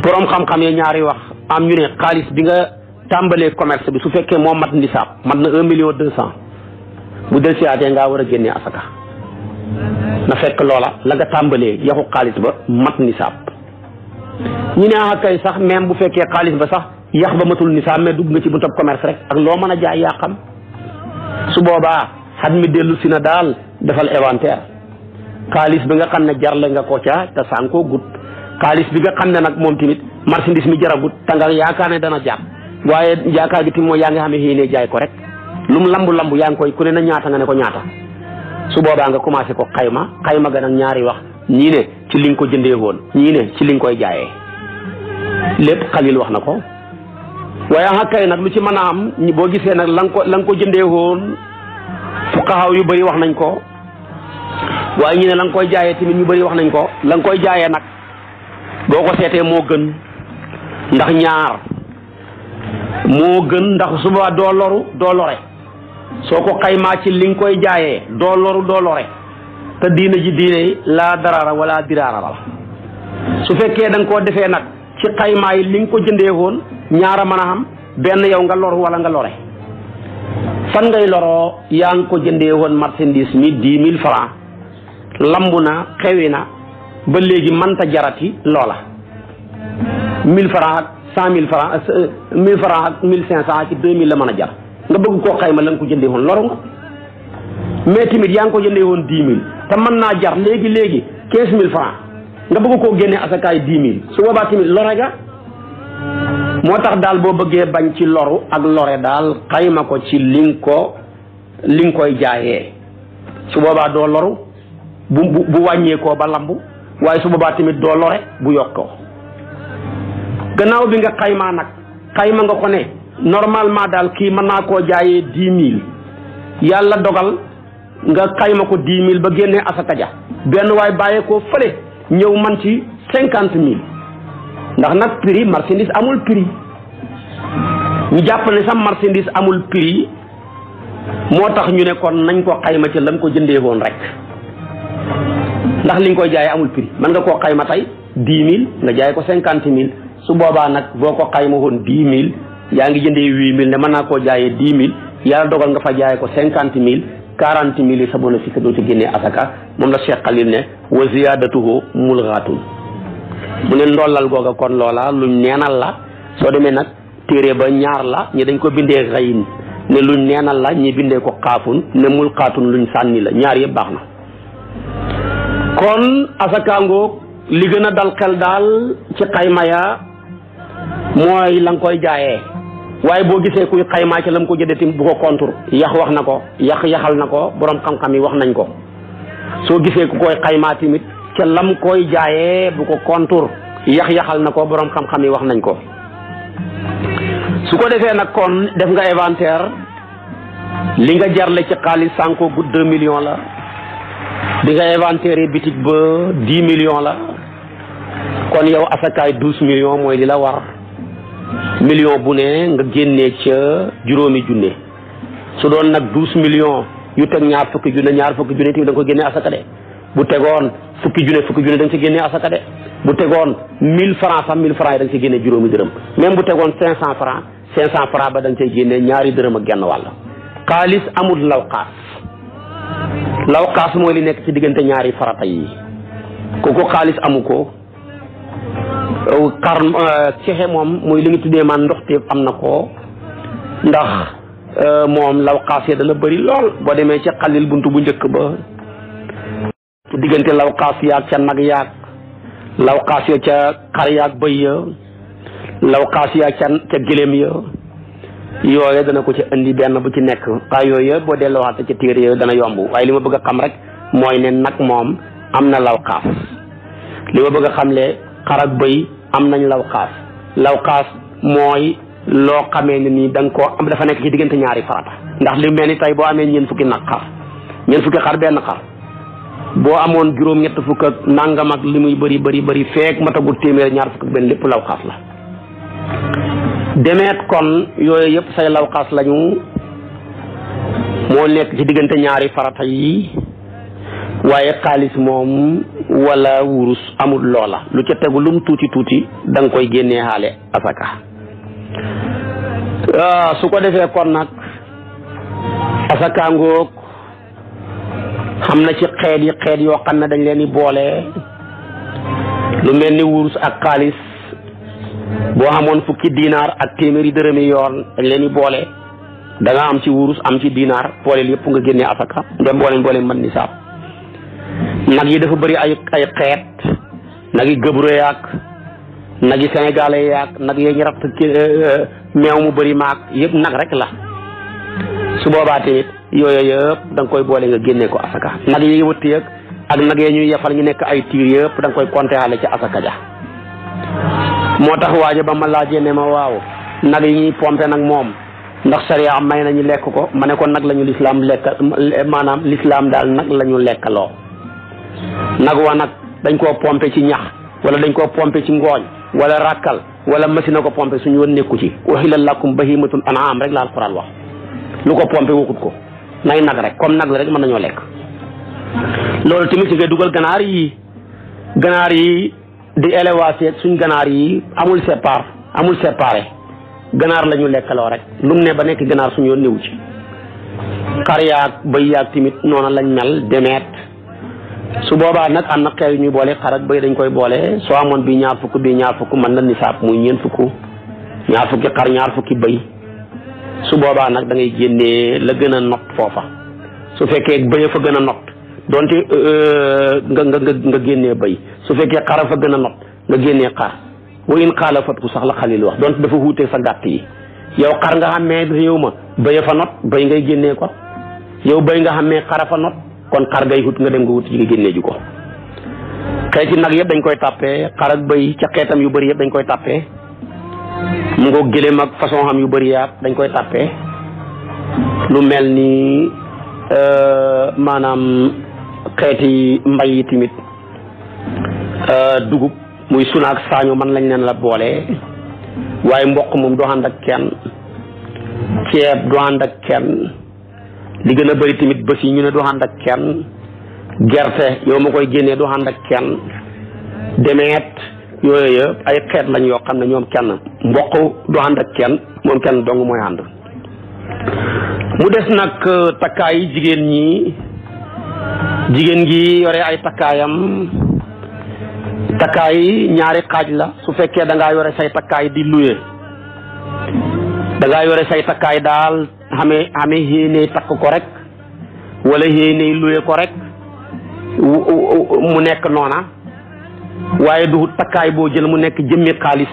borom xam-xam yi ñaari wax am ñu ne xaalis bi nga tàmbalee commerce bi su fekkee moo mat nisaab mat na un million deux cent bu del siyaatee ngaa war a génnee asaka na fekk loola la nga tàmbalee yaxu xaalis ba mat nisaab ñu ne ah kay sax même bu fekkee xaalis ba sax yax ba matul nisaab mais dugg nga ci bu tab commerce rek ak loo mën a jaay yaa xam su boobaa xat mi dellu si na daal defal inventaire xaalis bi nga xam ne jar la nga ko ca te sànkoo gut xaalis bi nga xam ne nag moom tamit marchandise mi jaragut te nga yaakaar ne dana jar waaye yaakaar gi tim mooy yaa ngi xam ne xëy ne jaay ko rek lu mu lambu lambu yaa ngi koy ku ne na ñaata nga ne ko ñaata su boobaa nga commencé ko xayma xayma ga nag ñaari wax ñii ne ci liñ ko jëndee woon ñii ne ci liñ koy jaayee lépp xalil wax na ko waaye nga ah nag lu ci mën a am boo gisee nag la ko la nga jëndee woon fuqahaa yu bëri wax nañ ko waaye ñu ne la nga koy jaayee tamit ñu bëri wax nañ ko la nga koy jaayee nag boo ko seetee moo gën ndax ñaar moo gën ndax suba doo loru doo lore soo ko xaymaa ci li nga koy jaayee doo loru doo lore te diina ji diine laa darara wala diraara la su fekkee danga nga koo defee nag ci xaymaa yi li nga ko jëndee woon ñaara mën a xam benn yow nga loru walla nga lore fan ngay loro yaa ngi ko jëndee woon marchandise mi dix mille francs lamb na xewi na ba léegi mënta jarati loola mille francs cent mille franc euh, mille franc ak mille cinq cent ak deux mille la mën a jar nga bëgg koo xayma la nga ko jëndee woon loru nga mais tamit yaa ngi ko jëndee woon dix mille te mën naa jar léegi léegi quinze mille franc nga bëgg koo génnee asakaay dix mille su boobaa tamit lore nga moo tax daal boo bëggee bañ ci loru ak lore daal xayma ko ci li nga ko li nga koy jaayee su boobaa doo loru bu bu wàññeekoo ba lamb waaye su boobaa tamit doo lore bu yokkoo gannaaw bi nga xaymaa nag xayma nga ko ne normalement daal kii mën naa koo jaayee dix mille yàlla dogal nga xayma ko dix mille ba génnee asaka ja benn waay bàyyee koo fële ñëw man ci cinquante mille ndax nag prix marchandise amul prix ñu jàpp ne sax marchandise amul prix moo tax ñu ne kon nañ ko xayma ci lam ko jëndee woon rek ndax li koy jaayee amul prix mën nga koo xayma tey dix mille nga jaay ko cinquante mille su boobaa nag boo ko xayma woon dix mille yaa ngi jëndee huit mille ne mën naa koo jaayee dix mille yàlla dogal nga fa jaayee ko cinquante mille quarante mille yi sa bénéfice doo ci génnee asaka moom la Cheikh Khalil ne wa ziyaadatuhu mulghatun mu ne ndollal googa kon loola luñ neenal la soo demee nag téere ba ñaar la ñi dañ ko bindee xayin ne luñ neenal la ñi bindee ko xaafun ne mulqaatun luñ sànni la ñaar yëpp baax na kon asaka ngoog li gën a dal xel daal mooy la nga koy jaayee waaye boo gisee kuy xaymaa ci la ko jëndee tamit bu ko contre yax wax na ko yax yaxal na ko boroom xam-xam yi wax nañ ko soo gisee ku koy xaymaa tamit ca lam koy jaayee bu ko contre yax yaxal na ko borom xam yi wax nañ ko su ko defee nag kon def nga inventaire li nga jarle ci xaalis sànko gudd deux millions la di nga inventaire bitig ba dix millions la kon yow asakaay douze million mooy li la war million bu ne nga génnee ca juróomi junne su doon nag douze million yu teg ñaar fukki junne ñaar fukki junne tamit da nga ko génnee asaka de bu tegoon fukki junne fukki junne da nga si génnee asaka de bu tegoon mille francs sax mille francs yi da nga si génnee juróomi dërëm même bu tegoon cinq cent francs cinq cent francs ba da nga cay génnee ñaari dërëm ak genn wàll xaalis amul lawxaas lawxaas mooy li nekk ci diggante ñaari farata yi kooku xaalis amu ko xar euh, euh, cexe moom mooy li nga tuddee man ndox teef am na ko ndax euh, moom law xaas ya dana bëri lool boo demee ca xalil bunt bu njëkk ba diggante law xaas yaag ca nag yaag law xaas ya ca xar yaag bëy ya law xaas yaag ca ca gëléem ya yooye dana ko ci indi benn bu ci nekk waaye yooyu boo delluwaat ca téere yooyu dana yomb waaye li ma bëgg a xam rek mooy ne nag moom am na law xaas li ma bëgg a xamle xar ak bëy am nañ law lawxaas mooy loo xamee ne nii da nga koo am dafa nekk ci diggante ñaari farata ndax li mel ni tey boo amee ñeent fukki nag xar ñeent fukki xar benn xar boo amoon juróom ñett fukk ak nangam ak li muy bëri bari bari feek matagul téeméer ñaar fukk ak benn lépp lawxaas la demeet kon yooyu yëpp say lawxaas lañu moo nekk ci diggante ñaari farata yi waaye xaalis moom wala wurus amul loola lu ca tegu mu tuuti tuuti danga koy génnee xaale asaka ah, su ko defee kon nag asaka ngoog xam na ci xeet yi xeet yoo xam ne dañ leen di boole lu mel ni wurus ak xaalis boo xamoon fukki dinaar ak téeméeri dërëmi yoon dañ leen di boole da am ci wurus am ci dinaar boole yëpp nga génnee asaka nga boole boole mën nisaab nag yi dafa bëri ay ay xeet nag yi gëbro yaag nag yi sénégalais yaag nag yi ñu ratt meew mu bari maag yëpp nag rek la su boobaa tamit yooyu yëpp da koy boole nga génnee ko asaka nag yi wëtti yëg ak nag yi ñu yefal ñu nekk ay tiir yëpp da koy compté xale ci asaka ja moo tax waajo ba ma laa ne ma waaw nag yi ñu pompé nag moom ndax sariya may nañu lekk ko ma ne ko nag lañu ñu lislaam lekk maanaam lislaam daal nag la ñu lekkaloo nag wa nag dañ koo pompe ci ñax wala dañ koo pompe ci ngooñ wala ràkkal wala machine a ko pompe suñu woon nekku ci uhilla lakum bahimatul an'am rek la alquran wax lu ko pompe waxut ko nay nag rek comme nag la rek mën nañoo lekk loolu tamit ci ngay dugal ganaar yi ganaar yi di élevage suñ ganaar yi amul sépar amul séparé ganaar la ñu lekkaloo rek lu mu ne ba nekk ganaar suñu yoon néew ci xar yaag bëy yaag tamit noona lañ mel demeet su boobaa nag am na xew yu ñuy boole xar ak bëy dañ koy boole soo amoon bi ñaar fukk bi ñaar fukk man na nisaab muy ñeent fukk ñaar fukki xar ñaar fukki bëy su boobaa nag da ngay génnee la gën a not foofa su fekkee bëy fa gën a not donte euh, nga nga nga génnee bëy su fekkee xara fa gën a not nga génnee xar wa in xaala fatku sax la xalil wax donte dafa wuutee sa gàtt yi yow xar nga xammee yow ma bëy fa not bëy ngay génnee ko yow bëy nga xammee xara fa not kon xar ngay wut nga dem nga wut ji nga génnee ji ko xeeti nag yëpp dañ koy tàppee xar ak bëy ca xeetam yu bari yëpp dañ koy tàppee mu ngoo gëléem ak façon xam yu bëri yaat dañ koy tàppee lu mel ni euh, maanaam xeeti mbay yi tamit euh, dugub muy sunaak saañu man lañ leen la boole waaye mboq moom doo ak kenn ceeb doo ànd ak kenn li gën a bëri tamit bés yi ñu ne du ànd ak kenn gerte yow ma koy génnee du ànd ak kenn demeet yooyu yëpp ay xeet lañ yoo xam ne ñoom kenn mboq du ànd ak kenn moom kenn dong mooy ànd mu des nag euh, takkaay jigéen ñi jigéen gi yore ay takkaayam takkaay ñaari xaaj la su fekkee da ngaa yore say takkaay di luye da yore say takkaay daal xamee xamee yéeney takk ko rek wala yéeney luye ko rek mu nekk noona waaye du takkaay boo jël mu nekk jëmmi xaalis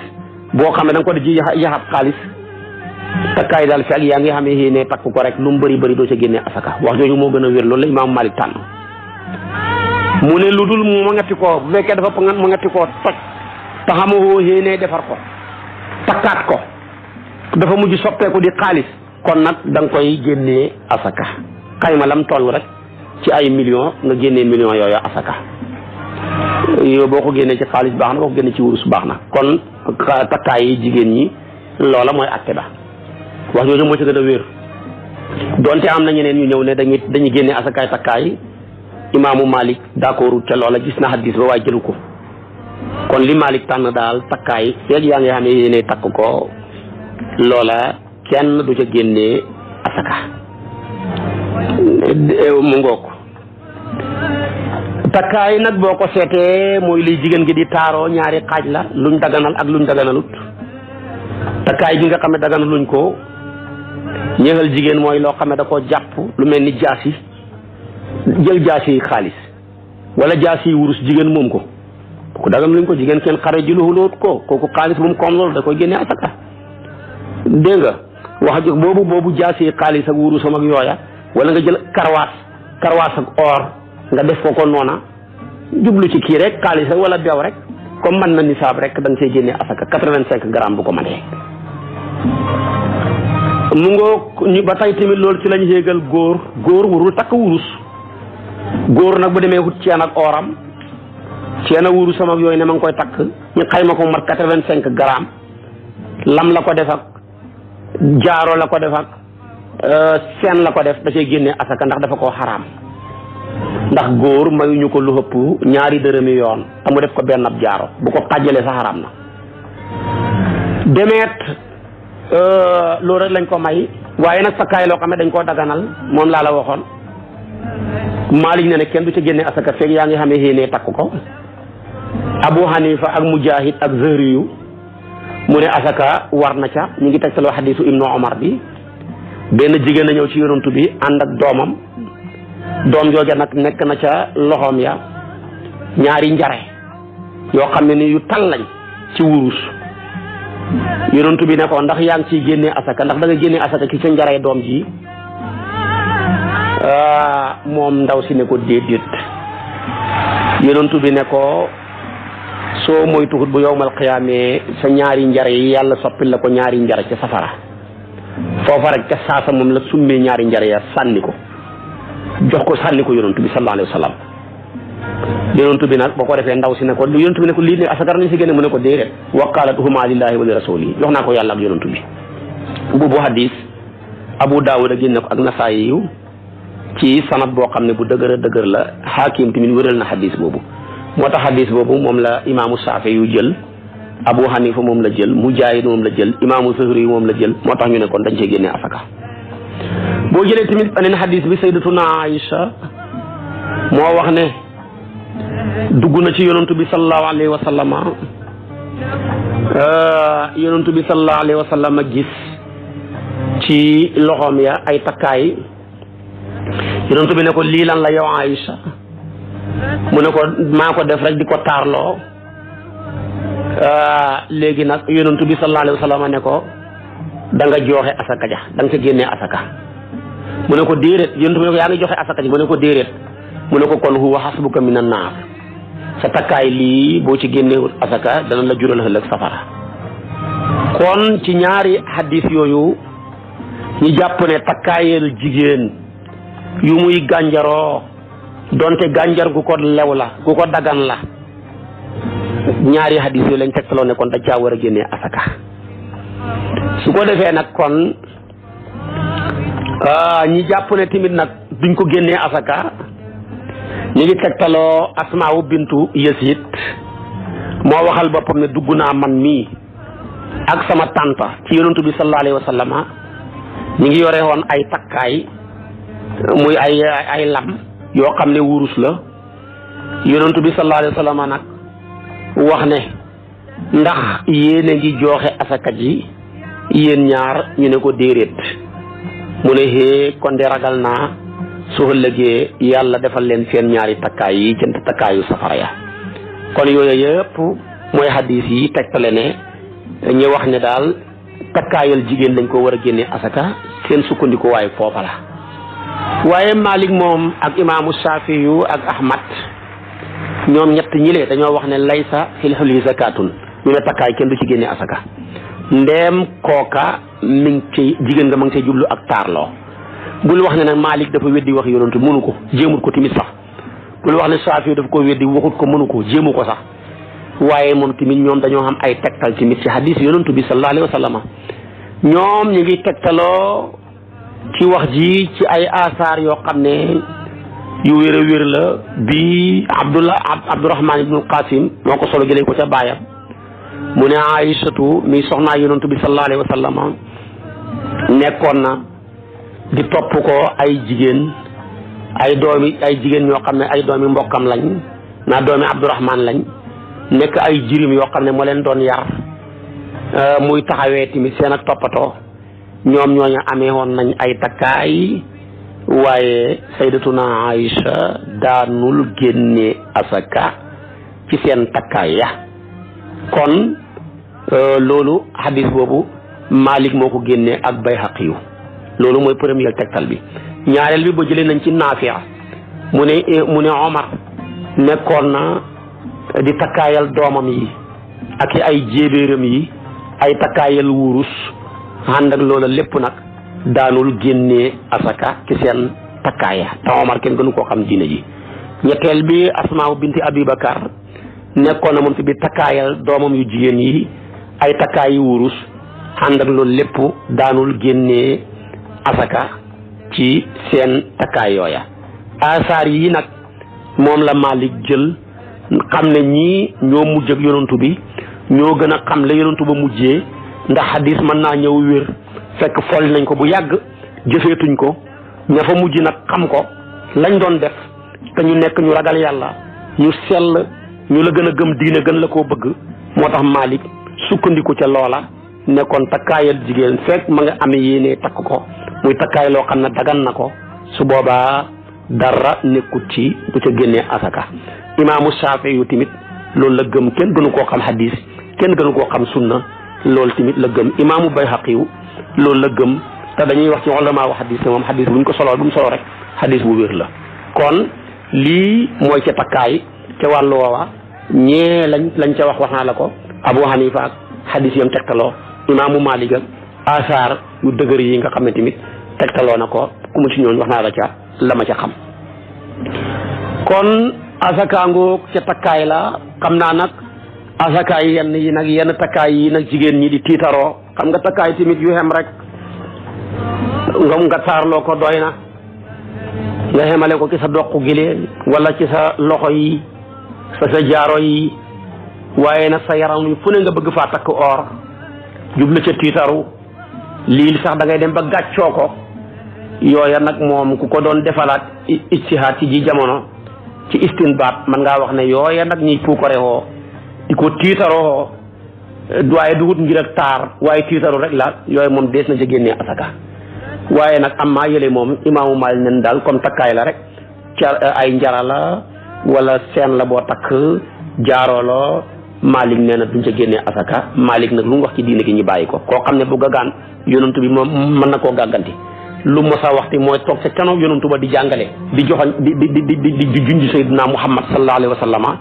boo xam ne da ko di ci yaxab xaalis takkaay daal fekk yaa ngi xamee yéeney takk ko rek lu mu bëri bëri doo ca génne asaka wax jooju gën a wér loolu la lu dul mu ngati ko bu fekkee dafa mu ngati defar ko takkaat ko dafa mujj soppeeku di xaalis kon nag danga koy génne asaka xayma lam toll rek ci ay million nga génne million yooyu asaka yow boo ko génnee ci xaalis baax na boo ko génnee ci wurus baax na kon takkaay yi jigéen ñi loola mooy atte ba wax jooju moo ci gën a wér donte am na ñeneen ñu ñëw ne dañuy dañuy génne asakaay takkaay imaamu Malik d'accord ca loola gis na hadis ba waaye jëlu ko kon li Malik tànn daal takkaay feeg yaa ngi xam ne yéene takk ko loola kenn du ca génnee asaka eh, mu ngoog takkaay nag boo ko seetee mooy liy jigéen gi di taaroo ñaari xaaj la luñ daganal ak luñ daganalut takkaay bi nga xam ne daganaluñ ko ñëwal jigéen mooy loo xam da koo jàpp lu mel ni jaas yi jël jaas yi xaalis wala jaas yi wurus jigéen moom ko ku daganaluñ ko jigéen kenn xare ji loolu ko kooku xaalis moom koom loolu da koy génne asaka dégg wax jog boobu boobu jaasee xaalis ak wurusam ak yooya wala nga jël karwaas karwaas ak or nga def ko ko noona jublu ci kii rek xaalis rek wala beew rek comme man na saab rek da nga see génne asaka quatre-vingt-cinq grammes bu ko manee mu ngoo ñu ba tey tamit loolu ci lañu yéegal góor góor warul takk wurus góor nag bu demee wut ceen ak oram ceen ak wurusam ak yooyu ne ma ngi koy takk ñu ma ko mat quatre-vingt-cinq grammes lam la ko def ak jaaro la ko def ak euh, seen la ko def da cee génne asaka ndax dafa ko xaraam ndax góor mayuñu ko lu ëpp ñaari dërëmi yoon amu def ko benn ab jaaro bu ko xàjjalee sa xaraam na demeet euh, loolu rek lañ ko may waaye nag fakkaay loo xam ne dañ koo daganal moom laa la waxoon Maalik ne ne kenn du ca génne asaka feeg yaa ngi xamee xéenee takk ko Abu Hanifa ak Mujaahid ak Zahriyu mu ne asaka war na ca ñu ngi tegtaloo xadiisu ibnu omar bi benn jigéen a ñëw ci yonantu bi ànd ak doomam doom jooja nag nekk na ca loxoom ya ñaari njare yoo xam ne ni yu tal lañ ci wurus yonantu bi ne ko ndax yaa ngi ciy génnee asaka ndax da nga génnee asaka ki ca njare doom ji ah, moom ndaw si ne ko déedéet yonantu bi ne ko soo mooy tuxut bu yowmal xiyaamee sa ñaari njare yi yàlla soppil la ko ñaari njare ca safara foofa rek ca saasa moom la summee ñaari njare ya sànni ko jox ko sànni ko yonantu bi sallallahu alayhi wa sallam yonantu bi nag boo ko defee ndaw si ne ko yonantu bi ne ko lii ne asakar nañ si génne mu ne ko déedéet waqaalat huma lillahi wa li rasuli jox naa ko yàlla ak bi boobu hadis abu daawud a génne ko ak nasaayi yu ci sanad boo xam ne bu dëgër a dëgër la xaakim tamit wéral na hadis boobu moo tax hadis boobu moom la imaamu saafe yu jël abu hanifa moom la jël mujaahid moom la jël imaamu zuhri yu moom la jël moo tax ñu ne kon dañ cee génne asaka boo jëlee tamit beneen hadis bi naa Aïcha moo wax ne dugg na ci yonantu bi sa alayhi wa sallam euh, yonantu bi sallallahu alayhi wa sallam gis ci loxoom ya ay takkaay yonantu bi ne ko lii lan la yow Aïcha mu ne ko maa ko def rek di ko taarloo euh, léegi nag yonentu bi sallallahu alayhi wa sallam ne ko da joxe asaka ja da ca génnee asaka mu ne ko déedéet yonentu mu ne ko yaa ngi joxe asaka ji mu ne ko déedéet mu ne ko kon huwa hasbuka minan naar sa takkaay lii boo ci génneewut asaka dana la jural ëllëg safara kon ci ñaari hadis yooyu ñu jàpp ne takkaayeelu jigéen yu muy gànjaroo donte gànjar gu ko lew la gu ko dagan la ñaari hadis yooyu lañ tegtaloo ne kon da caa war a génne asaka su ko defee nag kon ñi jàpp ne tamit nag duñ ko génnee asaka ñu ngi tegtaloo asmaawu bintu yësit moo waxal boppam ne dugg naa man mii ak sama tànta ci yonantu bi sallallahu alayhi wa ngi yore woon ay takkaay muy ay ay lam yoo xam ne wurus la yonentu bi sallallahu alayhi wa nag wax ne ndax yéen a ngi jooxe asaka ji yéen ñaar ñu ne ko déeréet mu ne hee kon de ragal naa su ëllëgee yàlla defal leen seen ñaari takkaay yi jënd takkaayu safara ya kon yooyu yëpp mooy hadis yi tegtale ne ñu wax ne daal takkaayal jigéen dañ koo war a génne asaka seen sukkandikuwaay foofa la waaye Malik moom ak imaamu Saafiyu ak Ahmad ñoom ñett ñile dañoo wax ne laysa fil hulwi zakatun ñu ne takkaay kenn du ci génne asaka ndeem kooka mi ci jigéen nga ma ngi ci jublu ak taarloo bul wax ne nag Malik dafa weddi wax yonantu mënu ko jéemut ko timit sax bul wax ne Saafiyu dafa ko weddi waxut ko mënu ko jéemu ko sax waaye moom tamit ñoom dañoo xam ay tegtal tamit ci hadis yonantu bi sallallahu alayhi wa sallam ñoom ñu ngi tegtaloo ci wax ji ci ay asaar yoo xam ne yu wér a wér la bi abdullah abdourahman ibnul qasim moo ko solo jëlee ko ca baayam mu ne aïsatu mi soxnaa yonantu bi sallallahu alayhi wa sallama nekkoon na di topp ko ay jigéen ay doomi ay jigéen yoo xam ne ay doomi mbokkam lañ naa doomi abdourahman lañ nekk ay jirim yoo xam ne moo leen doon yar euh, muy taxawee tamit seen ak toppatoo ñoom ñoo amee woon nañ ay takkaay waaye saydatuna Aïcha daanul génne asaka ci seen takkaay ya kon euh, loolu hadis boobu Malik moo ko génnee ak Bayhaqi yu loolu mooy premier tegtal bi ñaareel bi ba jëlee nañ ci Naafiya mu ne eh, mu ne Omar nekkoon na di takkaayal doomam yi ak ay jéebéeram yi ay takkaayal wurus ànd ak loola lépp nag daanul génnee asaka ci seen takkaaya te Omar kenn gënu koo xam diine ji ñetteel bi Asmaaw binti Abi Bakar nekkoon na moom ci biir takkaayal doomam yu jigéen yi ay takkaayi wurus ànd lool loolu lépp daanul génnee asaka ci seen takkaay yooya asaar yi nag moom la Malik jël xam ne ñii ñoo mujj ak yonantu bi ñoo gën a xam la yonantu ba mujjee ndax xadis mën naa ñëw wér fekk fol nañ ko bu yàgg jëfeetuñ ko ña fa mujj nag xam ko lañ doon def te ñu nekk ñu ragal yàlla ñu sell ñu la gën a gëm diine gën la koo bëgg moo tax maalik sukkandiku ca loola nekkoon takkaayal jigéen fekk ma nga amee yéene takk ko muy takkaay loo xam ne dagan na ko su boobaa dara nekkut ci bu ca génnee asaka imaamu Saafi yu tamit loolu la gëm kenn gënu koo xam hadis kenn gënu koo xam sunna loolu tamit la gëm imaamu Bayhaqi loolu la gëm te dañuy wax ci ulama wa xadis ne moom xadis bu ñu ko soloo bu mu soloo rek xadis bu wér la kon lii mooy ca takkaay ca wa woowa ñee lañ lañ ca wax wax naa la ko Abu Hanifa ak xadis yam tegtaloo imaamu Malik ak asaar yu dëgër yi nga xam ne tamit tegtaloo na ko ku mu ci ñooñ wax naa la ca lama ca xam kon asakaangoog ca takkaay la xam naa nag asakaay yenn yi nag yenn takkaay yi nag jigéen ñi di tiitaroo xam nga takkaay tamit yu xem rek nga nga taarloo ko doy na nga xemale ko ci sa doq gile walla ci sa loxo yi sa sa jaaro yi waaye nag sa yaram wi fu ne nga bëgg faa takk or jublu ca tiitaru lii sax dangay ngay dem ba gàccoo ko yooya nag moom ku ko doon defalaat ijtihaad ci ji jamono ci baat man ngaa wax ne yooya nag ñiy puukare woo di ko tiitaroo waaye dugut ngir ak taar waaye tiitaroo rek la yooyu moom dees na ci génnee asaka waaye nag am maa yële moom imaamu Maalik nen daal comme takkaay la rek ca eh, ay njara la wala seen la boo takk jaaroo la Maalik nee na duñ ca génnee asaka Maalik nag lu mu wax ci diine ki ñu bàyyi ko koo xam ne bu gagaan yonantu bi moom mën na koo gàgganti lu mosa waxti mooy toog ca kanam yonantu ba di jàngale di joxoñ di di di di di junj sayyidina Muhammad sallallahu alayhi wa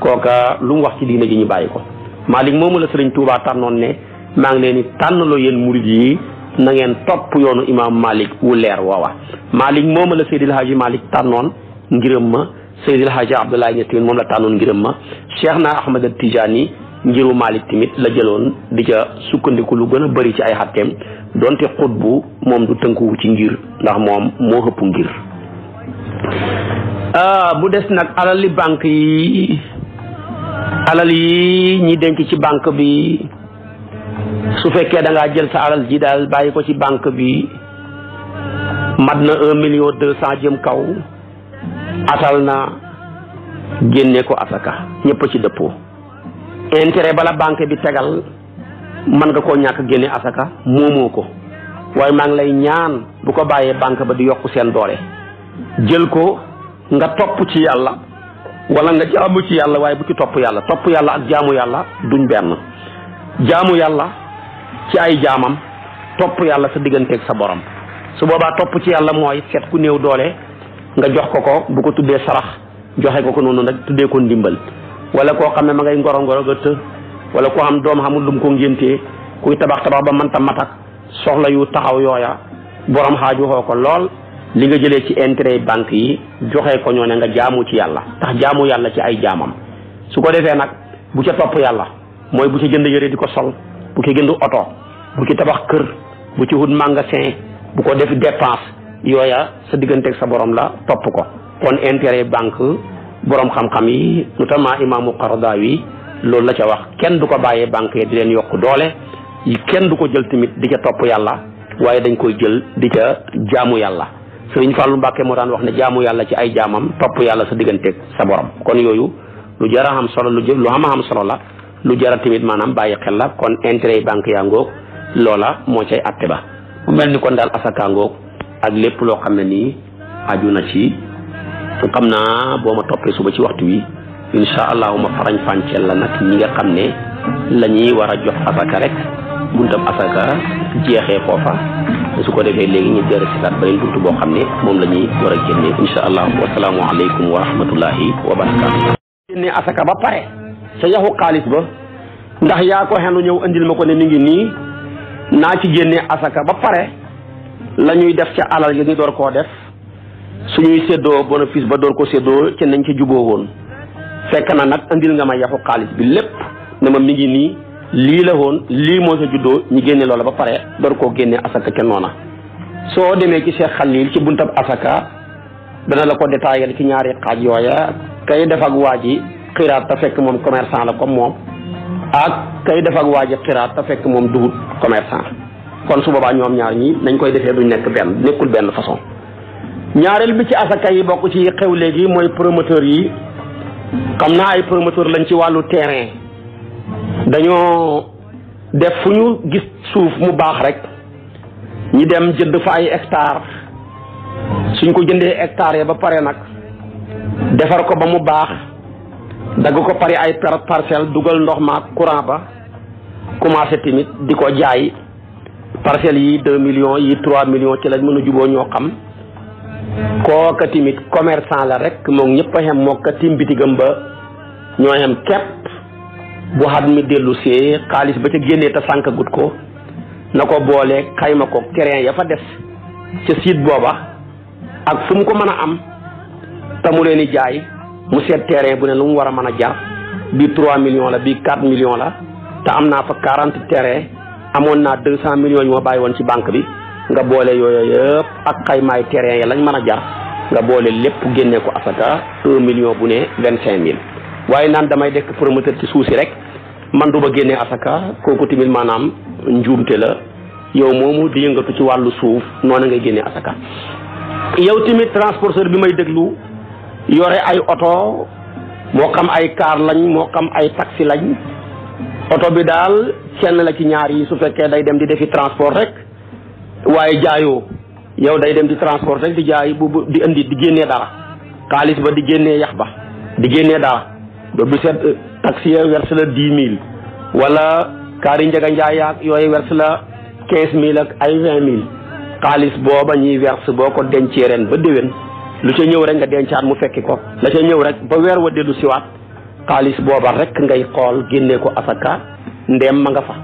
kooka lu mu wax ci diine ñu bàyyi ko Malick moomu la sëriñ Touba tànnoon ne maa ngi leen di tànnaloo yéen murid yi na ngeen topp yoonu imaam Malick wu leer woowa Malick moomu la Seydil Hadji Malick tànnoon ngirëm ma Seydil Hadji Abdoulaye Niass tamit moom la tànnoon ngirëm ma Cheikh na Ahmad al Tijani ngiru Malick tamit la jëloon di ca sukkandiku lu gën a bëri ci ay xatteem donte xut bu moom du tënkuwu ci ngir ndax moom moo ëpp ngir ah, bu des nag alali alal yi ñi denc ci banque bi su fekkee da jël sa alal ji daal bàyyi ko ci banque bi mat na un million deux cent jëm kaw atal na génnee ko asaka ñëpp ci dëppoo intérêt bala banque bi tegal mën nga koo ñàkk génne asaka moomoo ko waaye maa ngi lay ñaan bu ko bàyyee banque ba di yokk seen doole jël ko nga topp ci yàlla wala nga jaamu ci yàlla waaye bu ci topp yàlla topp yàlla ak jaamu yàlla duñ benn jaamu yàlla ci ay jaamam topp yàlla sa digganteeg sa borom su boobaa topp ci yàlla mooy seet ku néew doole nga jox ko ko bu ko tuddee sarax joxe ko ko noonu nag tuddee ko ndimbal wala koo xam ne ma ngay ngoro ngoro ga të wala koo xam doom xamul lu mu ko ngéntee kuy tabax tabax ba mënta matak soxla yu taxaw yooya borom xaaju xoo ko lool li nga jëlee ci intérêt banque yi joxe ko ñoo ne nga jaamu ci yàlla ndax jaamu yàlla ci ay jaamam su ko defee nag bu ca topp yàlla mooy bu ca jënd yëre di ko sol bu ca jënd oto bu ci tabax kër bu ci wut magasin bu ko def dépense yooya sa digganteeg sa borom la topp ko kon intérêt banque borom xam-xam yi notamment imaamu Qaradawi loolu la ca wax kenn du ko bàyyee banque yi di leen yokk doole kenn du ko jël tamit di ca topp yàlla waaye dañ koy jël di ca jaamu yàlla sëriñ lu Mbacke moo daan wax ne jaamu yàlla ci ay jaamam topp yàlla sa digganteeg sa borom kon yooyu lu jar a xam solo lu lu xam a xam solo la lu jar a tamit maanaam bàyyi xel la kon intérêt yi banque yaa ngoog loola moo cay atte ba mel ni kon daal asaka ngoog ak lépp loo xam ne nii aju na ci xam naa boo ma toppee suba ci waxtu wi incha allahu ma farañ fànceel la ñi nga xam ne la ñuy war a jox asaka rek buntam asaka jeexee foofa su ko defee léegi ñu dellu si kaat beneen buntu boo xam ne moom la ñuy war a génne incha allah wasalaamu aleykum wa rahmatullahi wa barakaatu. génne ba pare sa yaxu xaalis ba ndax yaa ko xenu ñëw indil ma ko ne mi ngi nii naa ci génne asaka ba pare la ñuy def ca alal gi ñu door koo def suñuy séddoo bénéfice ba door ko séddoo ci nañ ca juboo woon fekk na nag indil nga ma yaxu xaalis bi lépp ne ma mi ngi nii. lii la woon lii moo sa juddoo ñi génne la ba pare door koo génne asaka ca noona soo demee ci Cheikh Khalil ci bunt buntab asaka dana la ko détaillé ci ñaari xaaj yooya kay def ak waa ji xiraat te fekk moom commerçant la comme moom ak kay def ak waa ji xiraat te fekk moom dugut commerçant kon su boobaa ñoom ñaar ñi nañ koy defee duñ nekk benn nekkul benn façon ñaareel bi ci asaka yi bokk ci xew léegi mooy promoteur yi xam naa ay promoteur lañ ci wàllu terrain dañoo def fu ñu gis suuf mu baax rek ñi dem jënd fa ay hectare suñ ko jëndee hectare ya ba pare nag defar ko ba mu baax dagg ko pare ay par parcelle dugal ndox ma ak courant ba commencé tamit di ko jaay parcelles yi deux millions yi trois millions ci lañ mën a juboo ñoo xam kooka tamit commerçant la rek moom ñëpp a xem moo tim bitigam ba ñoo xem képp bu xat mi dellu see xaalis ba ca génnee te sànkagut ko na ko boole kayma ko terrain ya fa des ca siit booba ak fu mu ko mën a am te mu leen di jaay mu set terrain bu ne lu mu war a mën a jar bii trois millions la bii quatre millions la te am naa fa quarante terrain amoon naa deux cent millions yu ma bàyyi woon ci banque bi nga boole yooyu yëpp ak xaymaay terrain ya lañ mën a jar nga boole lépp génne ko asaka un million bu ne vingt cinq mille waaye naan damay dekk promoteur ci suuf si rek man du ba génnee asaka kooku tamit maanaam njuumte la yow moomu di yëngatu ci wàllu suuf noonu ngay génnee asaka yow tamit transporteur bi may déglu yore ay oto moo xam ay kaar lañ moo xam ay taksi lañ oto bi daal kenn la ci ñaar yi su fekkee day dem di defi transport rek waaye jaayoo yow day dem di transport rek di jaay bu di indi di génnee dara xaalis ba di génnee yax ba di génnee dara bu set eh, taxi ya werse la dix mille wala kaari njaga njaay ak yooyu werse la quinze mille ak ay vingt mille xaalis booba ñuy werse boo ko dencee ren ba déwén lu ca ñëw rek nga dencaat mu fekki ko la ca ñëw rek ba weer wa dellu siwaat xaalis booba rek ngay xool génnee ko asaka ndem ma nga fa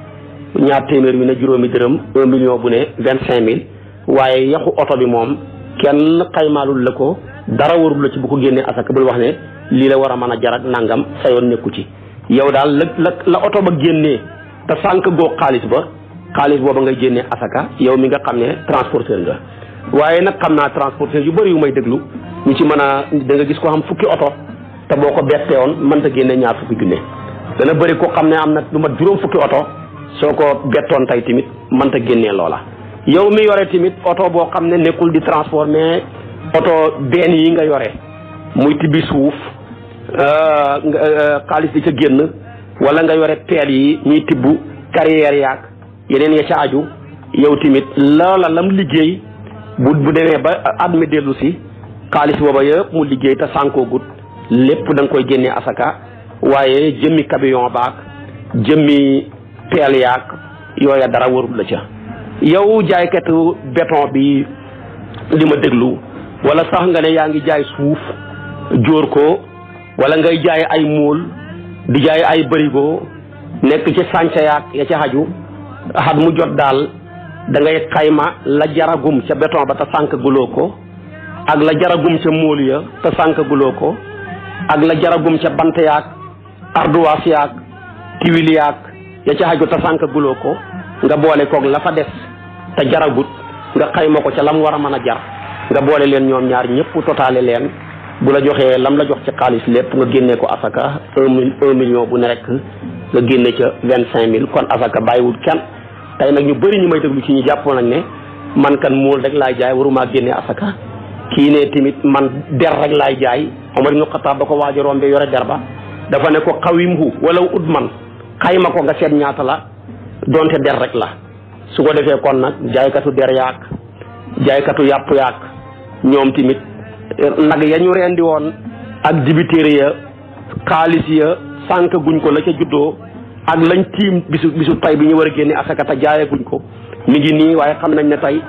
ñaar téeméer wi ne juróomi dërëm un million bu ne vingt cinq mille waaye yaxu oto bi moom kenn xaymaalul la ko dara warul la ci bu ko génnee asaka bul wax ne lii la war a mën a jarak nangam sa yoon nekku ci yow daal la la oto ba génnee te sànq goo xaalis ba xaalis booba ngay génnee asaka yow mi nga xam ne transporteur nga waaye nag xam naa transporteur yu bëri yu may déglu ñu ci mën a da nga gis ko xam fukki oto te boo ko bettee woon mënta génne ñaar fukki junne dana bëri ko xam ne am na lu mat juróom fukki oto soo ko bettoon tey tamit mënta génnee loola yow mi yore tamit oto boo xam ne nekkul di transport mais oto benn yi nga yore muy tibbi suuf euh, euh, xaalis di ca génn wala nga yore peel yi ñuy tibb carrière yaag yeneen ya ca aju yow timit loola lam liggéey bu bu demee ba at mi dellu si xaalis booba yëpp mu liggéey te sànkoogut lépp danga nga koy génnee asaka waaye jëmmi camion baag jëmmi peel yaag yooya dara warul la ca yow jaaykatu beton bi li ma déglu wala sax nga ne yaa ngi jaay suuf jóor ko wala ngay jaay ay móol di jaay ay bërigo nekk ci sànca yaak ya ci xaju xat mu jot daal dangay ngay xayma la jaragum ca béton ba te sànq guloo ko ak la jaragum ca móol ya te sànq guloo ko ak la jaragum ca bant yaak ardoise yaak tiwil yaak ya ci xaju te sànq guloo ko nga boole koog la fa des te jaragut nga xayma ko ca lam war a mën a jar nga boole leen ñoom ñaar ñëpp totaale leen bu la joxee lam la jox ci xaalis lépp nga génne ko asaka un mil un bu ne rek nga génne ca vingt cinq mille kon asaka bàyyiwul kenn tey nag ñu bëri ñu may déglu ci ñu jàppoon nañ ne man kan mool rek laay jaay waruma génne asaka kii ne tamit man der rek laay jaay Omar ibn Xattaab ba ko waaj a rombe yore der ba dafa ne ko xawim hu wala ut man xayma ko nga seet ñaata la donte der rek la su ko defee kon nag jaaykatu der yaak jaaykatu yàpp yaak ñoom tamit eh, nag ya ñu rendi woon ak dibiteeri ya xaalis ya sànq guñ ko la ca juddoo ak lañ tiim bisu bisu tay bi ñu war a génnee asaka te jaaye ko mi ngi nii waaye xam nañ ne tey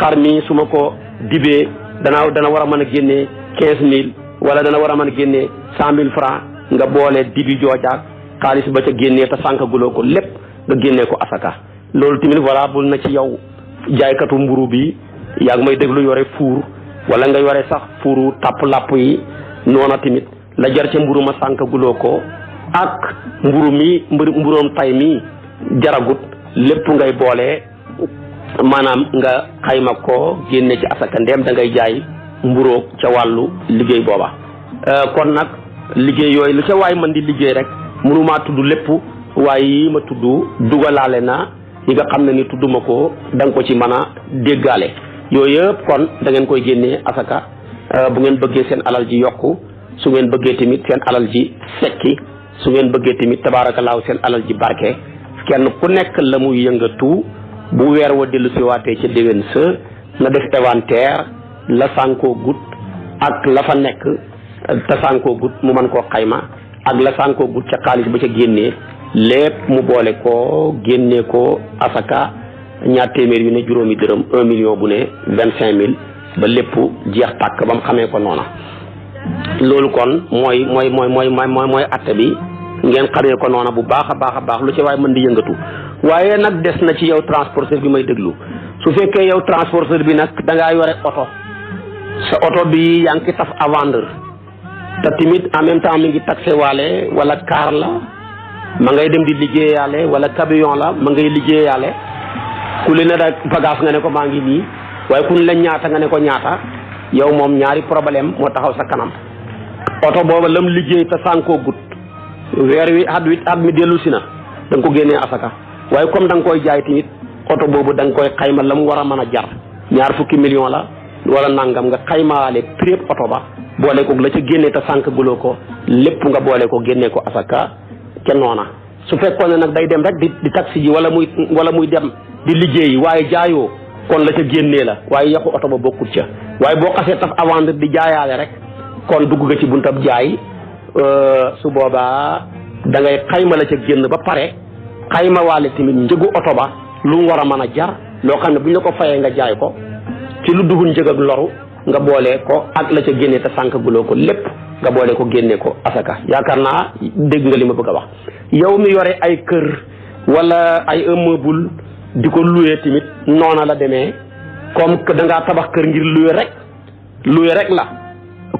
xar mi su ma ko dibee dana dana war a mën a génnee quinze mille wala dana war a mën a génnee cent mille francs nga boole dibi joojaak xaalis ba ca génnee te sànq guloo ko lépp nga génne ko asaka loolu tamit valable na ci yow jaaykatu mburu bi yaa ngi may déglu yore fuur wala nga yore sax fuuru tàpp làpp yi noona tamit la jar ca mburu ma sànq guloo ko ak mburu mi mburoom tay mi jaragut lépp ngay boole maanaam nga xayma ko génne ci asaka ndeem da ngay jaay mburoog ca wàllu liggéey booba euh, kon nag liggéey yooyu lu ca waay mën di liggéey rek mënumaa tudd lépp waaye yi ma tudd dugalaale na yi nga xam ne ni tudduma ko da ko ci mën a déggaale yooyu yëpp kon dangeen koy génnee asaka euh, bu ngeen bëggee seen alal ji yokku su ngeen bëggee tamit seen alal ji sekki su ngeen bëggee tamit tabaarakalaaw seen alal ji barke kenn ku nekk la muy yëngatu bu weer wa dellu si waatee ca déwén sa na def inventaire la sànkoo gut ak la fa nekk te sànkoo gut mu mën koo xayma ak la sànkoo gut ca xaalis ba ca génnee lépp mu boole ko génne ko asaka ñaar téeméer yu ne juróomi dërëm un million bu ne vingt cinq mille ba lépp jeex tàkk ba mu xamee ko noona loolu kon mooy mooy mooy mooy mooy mooy atte bi ngeen xamee ko noona bu baax a baax a baax lu ci waaye mën di yëngatu waaye nag des na ci yow transporteur bi may déglu su fekkee yow transporteur bi nag da ngaa oto sa oto bi yaa ngi taf à vendre te tamit en même temps mi ngi taxé waale wala kaar la ma ngay dem di liggéeyaale wala camion la ma ngay liggéeyaale ku li ne da bagage nga ne ko maa ngi nii waaye kun la ñaata nga ne ko ñaata yow moom ñaari problème moo taxaw sa kanam oto booba lam liggéey te sànkoo gut weer wi at wi at mi dellu si na da ko génnee asaka waaye comme da nga koy jaay tamit oto boobu danga nga koy xayma la mu war a mën a jar ñaar fukki million la wala nangam nga xayma xaymaale prix oto ba boole ko la ci génnee te sànk ko lépp nga boole ko génnee ko asaka ca noona su fekkoon ne nag day dem rek di di taxi ji wala muy wala muy dem di liggéey waaye jaayoo kon la ca génnee la waaye yàqu oto ba bokkut ca waaye boo xasee taf avant di jaayaale rek kon dugg nga ci bunt buntab jaay euh, su boobaa da ngay xayma la ca génn ba pare xayma waale tamit njëgu oto ba lu mu war a mën a jar loo xam ne bu ñu la ko fayee nga jaay ko ci lu dugul njëg ak loru nga boole ko ak la ca génnee te sànk ko lépp nga boole ko génne ko asaka yaakaar naa dégg nga li ma bëgg a wax yow mi yore ay kër wala ay bul di ko luye tamit noona la demee comme que da ngaa tabax kër ngir loué rek loué rek la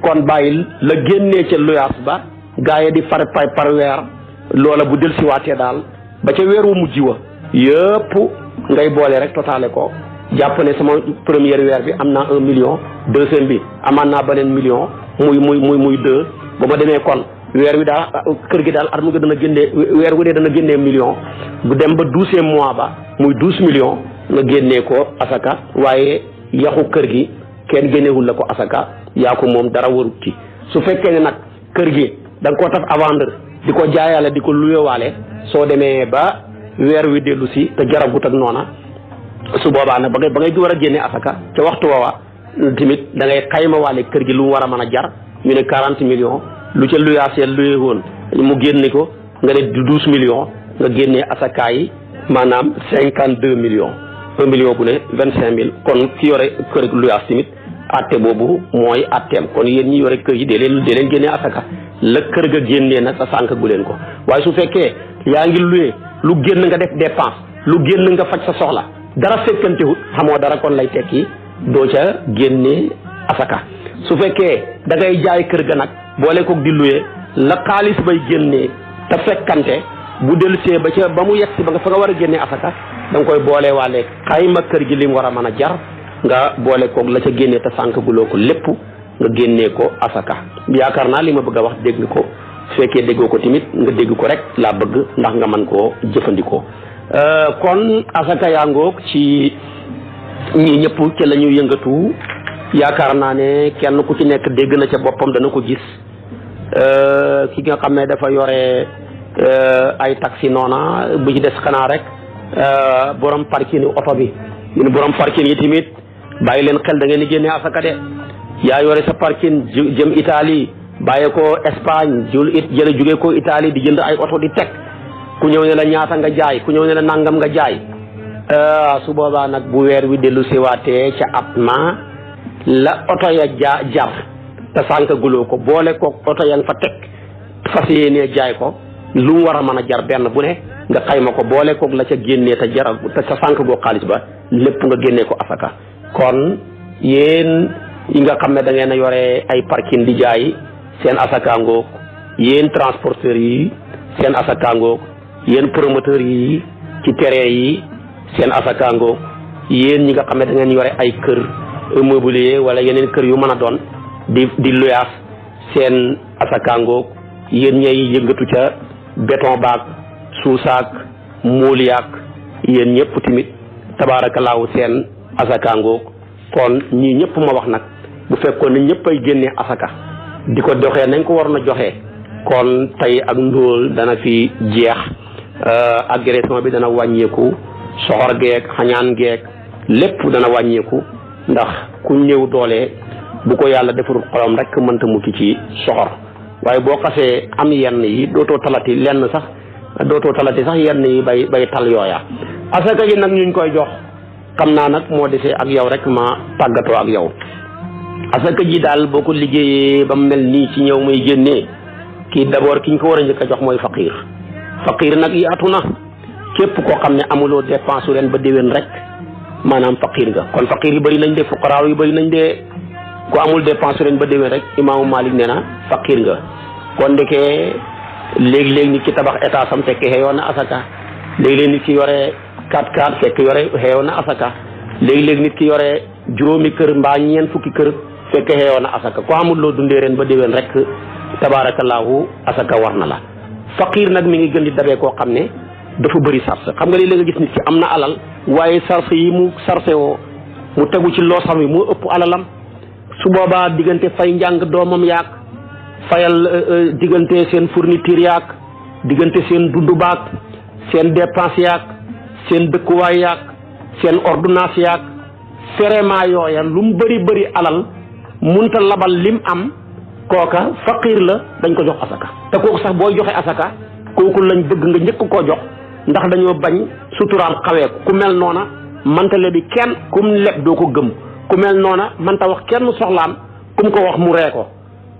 kon bàyyil la génnee ca luyaas ba gaa yi di far pay par weer loola bu del siwaatee daal ba ca weer wu mujj wa yëpp ngay boole rek totaale ko jàpp ne sama première weer bi am naa un million deuxième bi amaan naa beneen million muy muy muy muy deux ba ma demee kon weer wi daal ah, kër gi daal at mu ngi dana génnee weer wu dee dana génnee million bu dem ba douzième mois ba muy douze millions nga génnee ko asaka waaye yaxu kër gi kenn génneewul la ko asaka yaa ko moom dara warut ci su fekkee ne nag kër gi da nga koo taf à vendre di ko jaayaale di ko luyewaale soo demee ba weer wi dellu si te jaragut ak noona su boobaa nag ba ngay ba ngay war a génne asaka ca waxtu woowa tamit da ngay xayma waale kër gi lu mu war a mën a jar ñu ne quarante million lu ca luyaaseel luyee woon mu génne ko nga ne douze millions nga génnee asaka yi maanaam cinquante deux millions un million bu ne vingt cinq mille kon ki yore kër luyaas tamit atte boobu mooy atteem kon yéen ñi yore kër yi dee leen dee leen génnee asaka la kër ga génnee nag sa sànq gu leen ko waaye su fekkee yaa ngi luyee lu génn nga def dépense lu génn nga faj sa soxla dara fekkantewut xamoo dara kon lay tekki doo ca génne asaka su fekkee da ngay jaay kër ga nag boole koog di luye la xaalis bay génnee te fekkante bu dellusee ba ca ba mu yegg si ba nga fa nga war a génnee asaka danga koy boole waale xayma kër gi li mu war a mën a jar nga boole koog la ca génnee te sànq guloo ko lépp nga génnee ko asaka yaakaar naa li ma bëgg wax dégg ko fekkee déggoo ko tamit nga dégg ko rek laa bëgg ndax nga mën koo jëfandikoo euh, asaka yaa ngoog ci ñii ñëpp ci la ñu yëngatu yaakaar naa ne kenn ku ci nekk dégg na ca boppam dana ko gis euh, ki nga xam ne dafa yore euh, ay taxi noona bu ci des xanaa rek euh, borom parking oto bi ne borom parking yi tamit bàyyi leen xel da ngeen di génne asaka de yaa yore sa parking jëm itali bàyyi ko Espagne jul it jële jugee ko itali di jënd ay oto di teg ku ñëw ne la ñaata nga jaay ku ñëw ne la nangam nga jaay Euh, su boobaa nag bu weer wi dellu siwaatee ca at ma la oto ya ja jar te sànq guloo ko boole ko oto ya fa teg fas yéenee jaay ko lu mu war a mën a jar benn bu ne nga xayma ko boole kook la ca génnee te jara te ca sànq goo xaalis ba lépp nga génnee ko asaka kon yéen yi nga xam ne da ngeen a yore ay parking di jaay seen asaka ngoog yéen transporteurs yi seen asaka ngoog yéen promoteurs yi ci terrain yi seen asakaango yéen ñi nga xam ne da ngeen yore ay kër immobilier wala yeneen kër yu mën a doon di di luyaas seen asakaango yéen ñay yëngatu ca béton baag suusaak muul yaak yéen ñëpp tamit tabaarakalaaw seen asakaango kon ñii ñëpp ma wax nag bu fekkoon ne ñëpp ay génnee asaka di ko doxee nañ ko waroon a joxee kon tey ak ndóol dana fi jeex euh, agression bi dana wàññeeku soxor geeg xañaan geeg lépp dana wàññeeku ndax ku ñëw doole bu ko yàlla defarul xolom rek mënta mucc ci soxor waaye boo xasee am yenn yi dootoo talati lenn sax dootoo talati sax yenn yi bay bay tal yooya asaka yi nag ñuñ koy jox xam naa nag moo defee ak yow rek ma tàggatoo ak yow asaka ji daal boo ko liggéeyee ba mu mel nii ci ñëw muy génnee kii d'abord ki ñu ko war a njëkk a jox mooy faqiir faqiir nag yaatu na képp koo xam ne amuloo wu ren ba déwén rek maanaam faqir nga kon faqir yi bëri nañ de fuqaraaw yu bëri nañ de ko amul dépense ren ba déwén rek imaamu Malik nee na faqir nga kon ndekee léegi-léegi nit ki tabax état sam fekk xeeyoon na asaka léegi-léegi nit ki yore 4-4 fekk yore xeeyoon na asaka léegi léeg nit ki yore juróomi kër mbaa ñeen fukki kër fekk xeeyoon na asaka ku amul loo dundee ren ba déwén rek tabaarakallaahu asaka war na la faqir nag mi gën di dabee koo xam ne dafa bëri sarse xam nga léeg-léeg nga gis nit ki am na alal waaye sarse yi mu sarse woo mu tegu ci loo yi moo ëpp alalam su boobaa diggante fay njàng doomam yàq fayal euh, euh, diggante seen fourniture yaag diggante seen dundu baag seen dépense yaag seen dëkkuwaay yàq seen ordonnance yaag vraiment yooya lu mu bëri bëri alal munta labal lim am kooka faqiir la dañ ko jox asaka te kooku sax booy joxe asaka kooku lañ dëgg nga njëkk koo jox ndax dañoo bañ suturaam xawee ku mel noona manta bi kenn kum leb doo ko gëm ku mel noona manta wax kenn soxlaam kum ko wax mu ree ko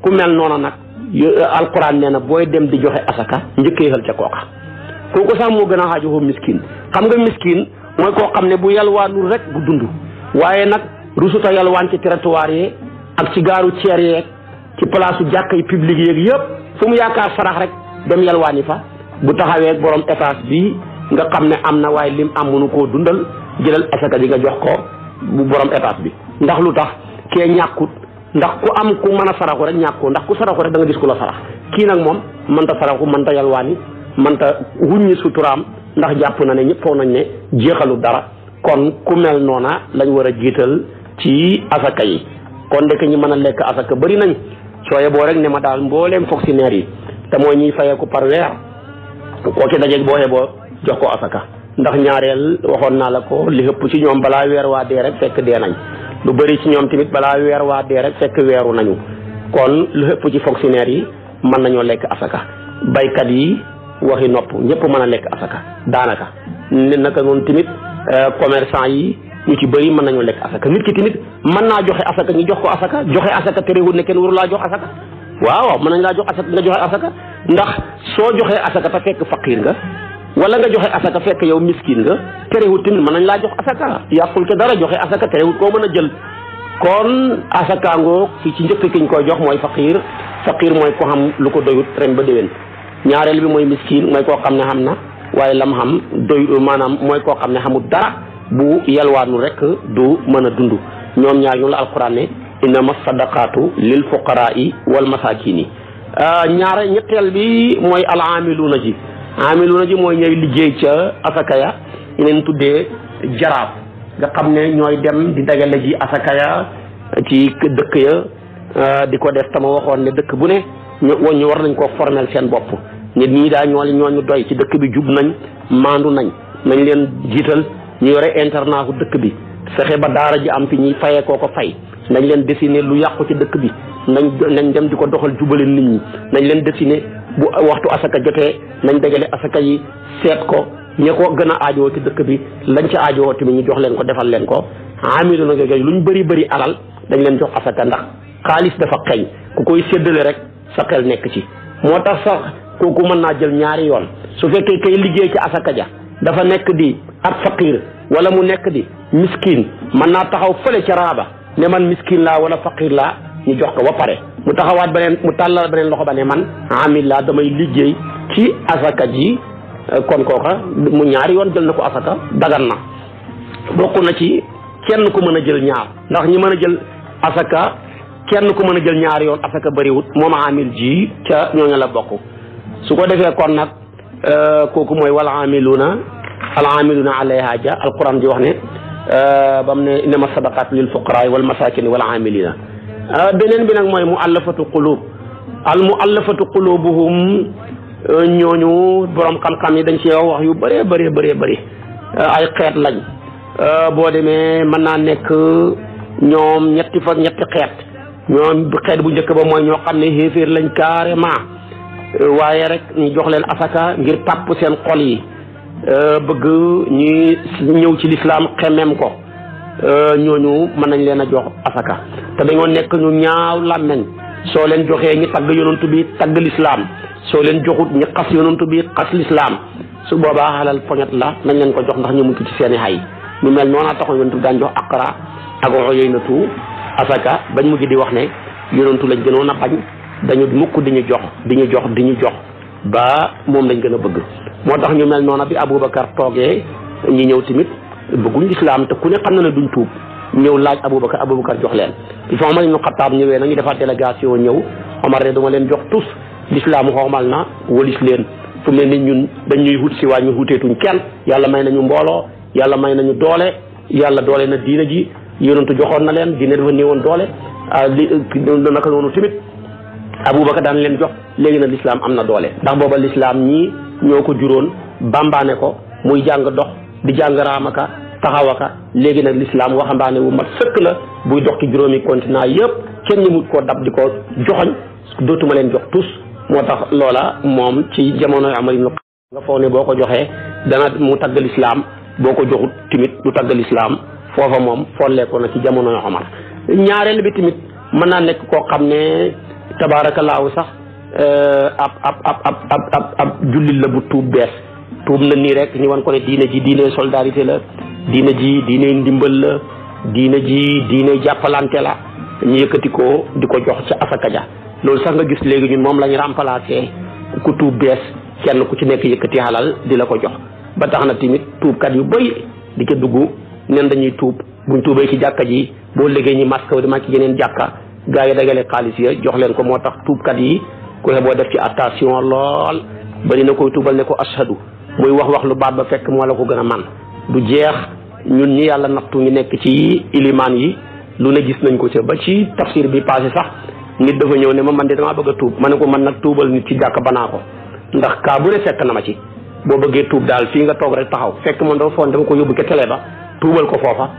ku mel noona nag euh, alquran nee na booy dem di joxe asaka njëkkeexal ca kooka kooku sax moo gën a xaajowoo miskin xam nga miskin mooy koo xam ne bu yalwaanul rek bu dund waaye nag rusuta yalwaan ci territoire yi ak ci gaaru ceer yeeg ci place jàkk yi publique yeeg yëpp fu mu yaakaar farax rek dem yalwaani fa bu taxawee borom essence bi nga xam ne am na waaye lim am mënu koo dundal jëlal asaka ji nga jox ko bu borom essence bi ndax lu tax kee ñàkkut ndax ku am ku mën a saraxu rek ñàkkoo ndax ku saraxu rek da nga gis ko la sarax kii nag moom mënta saraxu mënta yalwaani mënta wuññi suturaam ndax jàpp na ne ñëpp foog nañ ne jeexalu dara kon ku mel noona lañ war a jiital ci asaka yi kon ndeke ñi mën a lekk asaka bari nañ sooye boo rek ne ma daal mbooleem fonctionnaire yi te mooy ñuy fayeeku par koo ci dajeeg boo xeboo jox ko asaka ndax ñaareel waxoon naa la ko li ëpp ci ñoom balaa weer waa dee rek fekk dee nañ lu bari ci ñoom tamit balaa weer waa dee rek fekk weeru nañu kon lu ëpp ci fonctionnaire yi mën nañoo lekk asaka baykat yi waxi nopp ñëpp mën a lekk asaka daanaka ne naka noonu tamit euh, commerçant yi ñu ci bëri mën nañoo lekk asaka nit ki tamit mën naa joxe asaka ñu jox ko asaka joxe asaka terewul ne kenn waru laa jox asaka waaw waaw mën nañ laa jox ndax soo joxee asaka te fekk faqiir nga wala nga joxe asaka fekk yow miskin nga terewut tamit mën nañ laa jox asaka yàqul ke dara joxe asaka terewut koo mën a jël kon asaka ngoog ki ci njëkk kiñ koy jox mooy faqiir fakiir mooy ko xam lu ko doyut ren ba déwén ñaareel bi mooy miskin mooy koo xam ne xam na waaye lam xam doy maanaam mooy koo xam ne xamut dara bu yalwaanu rek du mën a dund ñoom ñaar ñu la alquran ne innama sadaqaatu lil fuqaraa wal masaakiin Euh, ñaare ñetteel bi mooy al aamiluuna ji aamiluuna ji mooy ñooy liggéey ca asakaya ñu leen tuddee jaraab nga xam ne ñooy dem di dagale ji asakaya ci dëkk ya euh, di ko def tama waxoon ne dëkk bu ne ñu war nañ koo formel seen bopp nit ñi daa ñoo ñu doy ci dëkk bi jub nañ maandu nañ nañ leen jiital ñu yore internat dëkk bi fexe ba daara ji am fi ñuy fayee koo ko fay nañ leen dessiner lu yàqu ci dëkk bi nañ nañ dem di ko doxal jubale nit ñi nañ leen dessiner bu waxtu asaka jotee nañ dajale asaka yi seet ko ñe ko gën a aajowoo ci dëkk bi lañ ci aajowoo tamit ñu jox leen ko defal leen ko amilu na lu ñu bëri bëri alal dañ leen jox asaka ndax xaalis dafa xeeñ ku koy séddale rek sa xel nekk ci moo tax sax kooku mën naa jël ñaari yoon su fekkee kay liggéey ci asaka ja dafa nekk di ab faqiir wala mu nekk di miskin mën naa taxaw fële ca raaba ne man miskin laa wala faqir laa ñu jox ko ba pare mu taxawaat beneen mu tàllal beneen loxo ba ne man amil laa damay liggéey ci asaka ji kon kooka mu ñaari yoon jël na ko asaka dagan na bokk na ci kenn ku mën a jël ñaar ndax ñi mën a jël asaka kenn ku mën a jël ñaari yoon asaka bëriwut moom amil ji ca ñooñu la bokk su ko defee kon nag euh, kooku mooy wala amiluna alaamiluna alayha ja alquran di wax ne euh, ba mu ne innama sadaqaatu lil fuqaraay wal masaakin wal aamilina euh, beneen bi nag mooy mu allafatu qulub al mu allafatu qulubuhum euh, ñooñu borom xam-xam yi dañ ci wax yu bëree bëree bëree bëri ay xeet lañ boo demee mën naa nekk ñoom ñetti fa ñetti xeet ñoom xeet bu njëkk ba mooy ñoo xam ne xéeféer lañ carrément waaye rek ñu jox leen asaka ngir pàpp seen xol yi Euh, bëgg ñuy ñëw ci lislaam xemem ko euh, ñooñu mën nañ leen a jox asaka te dañoo nekk ñu ñaaw làmmeñ soo leen joxee ñi tagg yonantu bi tagg lislaam soo leen joxut ñi xas yonantu bi xas lislaam su boobaa xalal poñet la nañ leen ko jox ndax ñu mucc ci seeni xay mu mel noonaa taxoon yonantu bi daan jox aqra ak uyaynaatu asaka bañ mujj di wax ne yonantu lañ gënoon a bañ dañu mukk di ñu jox di ñu jox di ñu jox ba moom lañ gën a bëgg moo tax ñu mel noona bi Aboubacar toogee ñi ñëw tamit bëgguñ lislaam te ku ne xam na ne duñ tuub ñëw laaj Aboubacar Aboubacar jox leen il faut Omar ibnu Xataab ñëwee nañu defaat délégation ñëw Omar ne duma leen jox tous lislaam xoomal na wëlis leen fu mel ni ñun dañ ñuy wut si waa ñu wuteetuñ kenn yàlla may nañu mbooloo yàlla may nañu doole yàlla doole na diina ji yonentu joxoon na leen diine dafa néewoon doole ah, li euh, naka noonu tamit Aboubacar daan leen jox léegi nag lislaam am na doole ndax booba lislaam ñii ñoo ko juróon bambaane ko muy jàng dox di jàng raamaka ka léegi nag lislaam waxambaane wu mat sëkk la buy dox ci juróomi continent yëpp kenn mu mut koo dab di ko joxoñ dootuma leen jox tus moo tax loola moom ci jamonoy Amar ibn nga foog ne boo ko joxee dana mu tagg lislaam boo ko joxut tamit du tagg lislaam foofa moom folleekoo na ci jamonoy Omar ñaareel bi tamit mën naa nekk koo xam ne tabaarakallaahu sax Euh, ab ab ab ab ab jullit la bu tuub bees tuub na nii rek ñu wan ko ne diine ji diine solidarité la diine ji diine ndimbal la diine ji diine jàppalante la ñu yëkkati ko di ko jox ca asaka ja loolu sax nga gis léegi ñun moom lañ remplacé ku tuub bees kenn ku ci nekk yëkkati xalal di la ko jox ba tax na tamit tuubkat yu bëri di ko dugg nen dañuy tuub buñ tuubee ci jàkka ji boo liggéey ñi masque di ma ci yeneen jàkka gaa yi dagale xaalis ya jox leen ko moo tax tuubkat yi ku boo def ci attention lool bari na koy tuubal ne ko ashadu muy wax wax lu baat ba fekk moo la ko gën a man du jeex ñun ñi yàlla nattu ñu nekk ci ilimaan yi lu ne gis nañ ko ca ba ci tafsir bi passé sax nit dafa ñëw ne ma man de damaa bëgg a tuub ma ne ko man nag tuubal nit ci jàkk banaa ko ndax kaa bu ne fekk na ma ci boo bëggee tuub daal fii nga toog rek taxaw fekk man dafa foon dama ko yóbbu ca télé ba tuubal ko foofa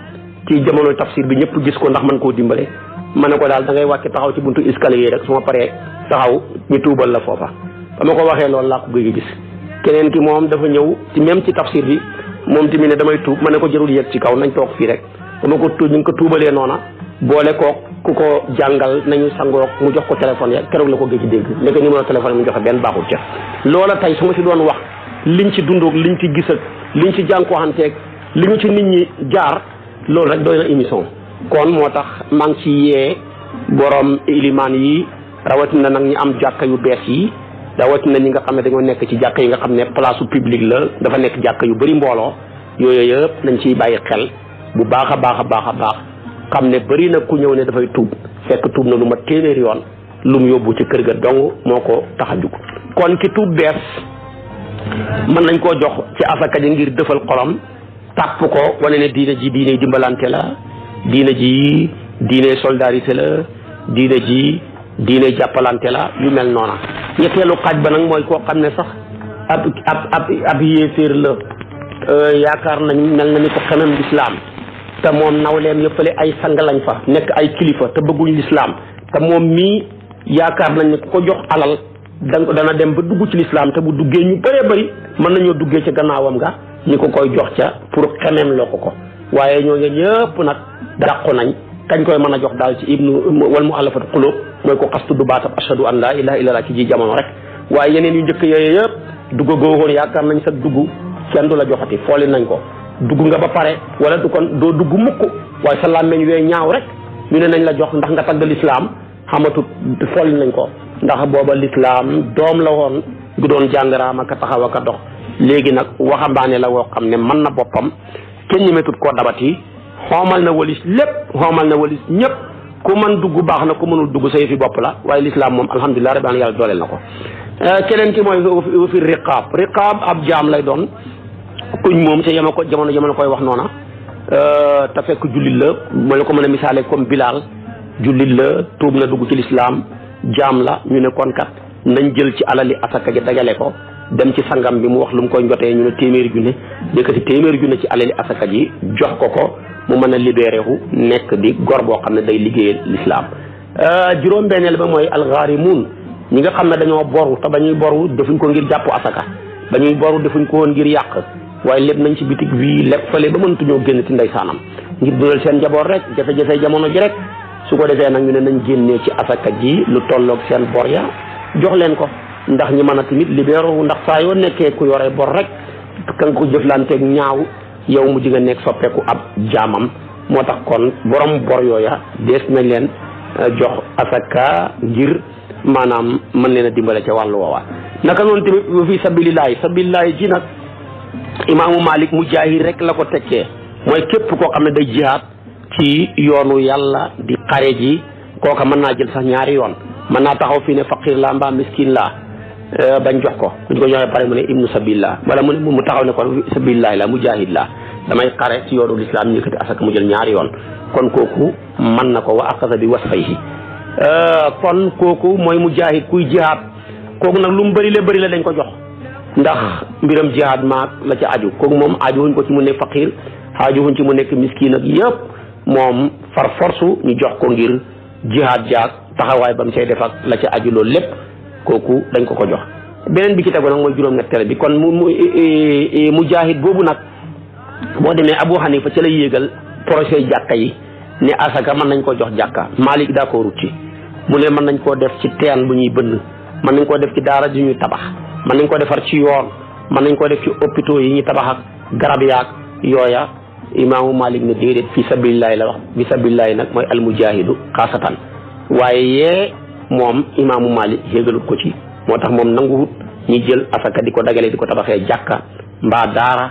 ci jamono tafsir bi ñëpp gis ko ndax man koo dimbale ma ne ko daal da ngay wàcc taxaw ci buntu escalier rek su ma paree taxaw ñu tuubal la foofa ba ma ko waxee loolu laa ko gëj a gis keneen ki moom dafa ñëw ci même ci tafsir bi moom tamit ne damay tuub ma ne ko jarul yëg ci kaw nañ toog fii rek dama ko tuub ñu ngi ko tuubalee noona boole koog ku ko jàngal nañu sangoog mu jox ko téléphone ya keroog la ko gëj a dégg ndeke numéro téléphone mu joxe benn baaxul ca loola tey su ma si doon wax liñ ci dundoog liñ ci gis ak liñ ci jànkuwanteeg li ñu ci nit ñi jaar loolu rek doy na kon moo tax man ngi ci yee borom ilimaan yi na nag ñu am jàkka yu bees yi na ñi nga xam ne dañoo nekk ci jàkka yi nga xam ne place publique la dafa nekk jàkka yu bari mbooloo yooyu yëpp nañ ciy bàyyi xel bu baax a baax a baax a xam ne bari na ku ñëw ne dafay tuub fekk tuub na lu ma téeméeri yoon lu yóbbu ci kër ga dong moo ko tax a jug kon ki tuub bees mën nañ koo jox ci asaka ji ngir dëfal xolam tàpp ko wane ne diine ji diine dimbalante la diine ji diine solidarité la diine ji diine jàppalante la yu mel noona ñetteelu xaaj ba nag mooy koo xam ne sax ab ab ab ab yéeféer la euh, yaakaar nañ mel na ni ko xemem lislaam te moom nawleem yëppale ay sang lañ fa nekk ay kilifa te bëgguñ lislaam te moom mii yaakaar nañ ne ko jox alal danga dana dem ba dugg ci lislaam te bu duggee ñu bëree bari mën nañoo duggee ca gannaawam nga ñu ko koy jox ca pour xemem loo ko waaye ñoo ñëpp nag dàqu nañ kañ koy mën a jox daal ci ibnu wal mu allafatu xulóob mooy ko xas tudd baatab ashadu an laa ilaha laa ci ji jamono rek waaye yeneen yu njëkk yooyu yëpp dugg googoon yaakaar nañ sa dugg kenn du la joxati fooli nañ ko dugg nga ba pare wala du kon doo dugg mukk waaye sa làmmeñ yooyu ñaaw rek ñu ne nañ la jox ndax nga tagg lislaam xamatut fooli nañ ko ndax booba lislaam doom la woon gu doon jàngaraama ka taxaw a ka dox léegi nag waxambaane la woo xam ne mën na boppam kenn ñemetut koo dabati xoomal na walis lépp xoomal na walis ñëpp ku mën dugg baax na ku mënul dugg say fi bopp la waaye lislaam moom alhamdulilah rabbi yàlla dooleel na ko euh, keneen ki mooy wa fi riqaab riqaab ab jaam lay doon kuñ moom sa yama ko jamono jamono koy wax noona euh, te fekk jullit la ma la ko mën a misaale comme Bilal jullit la tuub na dugg ci lislaam jaam la ñu ne kon kat nañ jël ci alali asaka ji dajale ko dem ci sangam bi mu wax lu mu ko njotee ñu ne téeméeri junne yëkkati téeméeri junne ci alali asaka ji jox ko ko bu mën a libéré wu nekk di gor boo xam ne day liggéeyal lislaam euh, juróom-benneel ba mooy alxaarimuun ñi nga xam ne dañoo boru te ba ñuy bor wu defuñ ko ngir jàpp asaka ba ñuy boru defuñ ko woon ngir yàq waaye lépp nañ ci bitig bii lépp fële ba mënatuñoo génn ti ndeysaanam ngir dundal seen njaboot rek jafe-jafe jamono ji rek su ko defee nag ñu ne nañ génnee ci asaka ji lu tolloog seen bor ya jox leen ko ndax ñi mën a tamit libéré wu ndax saa yoo nekkee ku yore bor rek kan ko jëflanteeg ñaaw yow mu ji nga nekk soppeeku ab jaamam moo tax kon borom bor yooya dees nañ leen euh, jox asaka ngir maanaam mën leen a dimbale ca wàllu woowaa naka noonu tamit wa fi sabilillahi sabilillahi ji nag imaamu malik mujaahid rek la ko tekkee mooy képp koo xam ne day jihaat ci yoonu yàlla di xare ji kooka mën naa jël sax ñaari yoon mën naa taxaw fii ne faqir la mbaa miskin la Euh, bañ jox ko ñu ko joxee pare mu ne ibnu sabilillah wala mu ne mu taxaw ne kon sabilillah la mujahid la damay xare ci yoonu lislaam ñu kati asaka mu jël ñaari yoon kon kooku man na ko wa aqasa bi wasfayhi euh, kon kooku mooy mujahid kuy jihaad kooku nag lu mu bëri la bëri la dañ ko jox ndax mbiram jihaad maak la ci aju kooku moom ajuwuñ ko ci mu nekk faqir ajuwuñ ci mu nekk miskin ak yëpp moom far force ñu jox ko ngir jihaad jaag taxawaay ba mu def ak la ca aju loolu lépp kooku dañ ko ko jox beneen bi ci tegu nag mooy juróom-ñetteelu bi kon mu mu e, e, e, jaahid boobu nag boo demee Abu Hanifa ci la yéegal projet jàkka yi ne asaka mën nañ ko jox jàkka Malik d'accord ci mu ne mën nañ koo def ci teen bu ñuy bënn mën nañ koo def ci daara ju ñuy tabax mën nañ ko defar ci yoon mën nañ ko def ci hôpitaux yi ñuy tabax ak garab yaag yooya imaamu Malik ne déedéet fi sabilillahi la wax fi sabilillahi nag mooy almujahidu xaasatan waaye yee moom imaamu Malik yégalut ko ci moo tax moom nanguwut ñi jël asaka di ko dagalee di ko tabaxee jàkka mbaa daara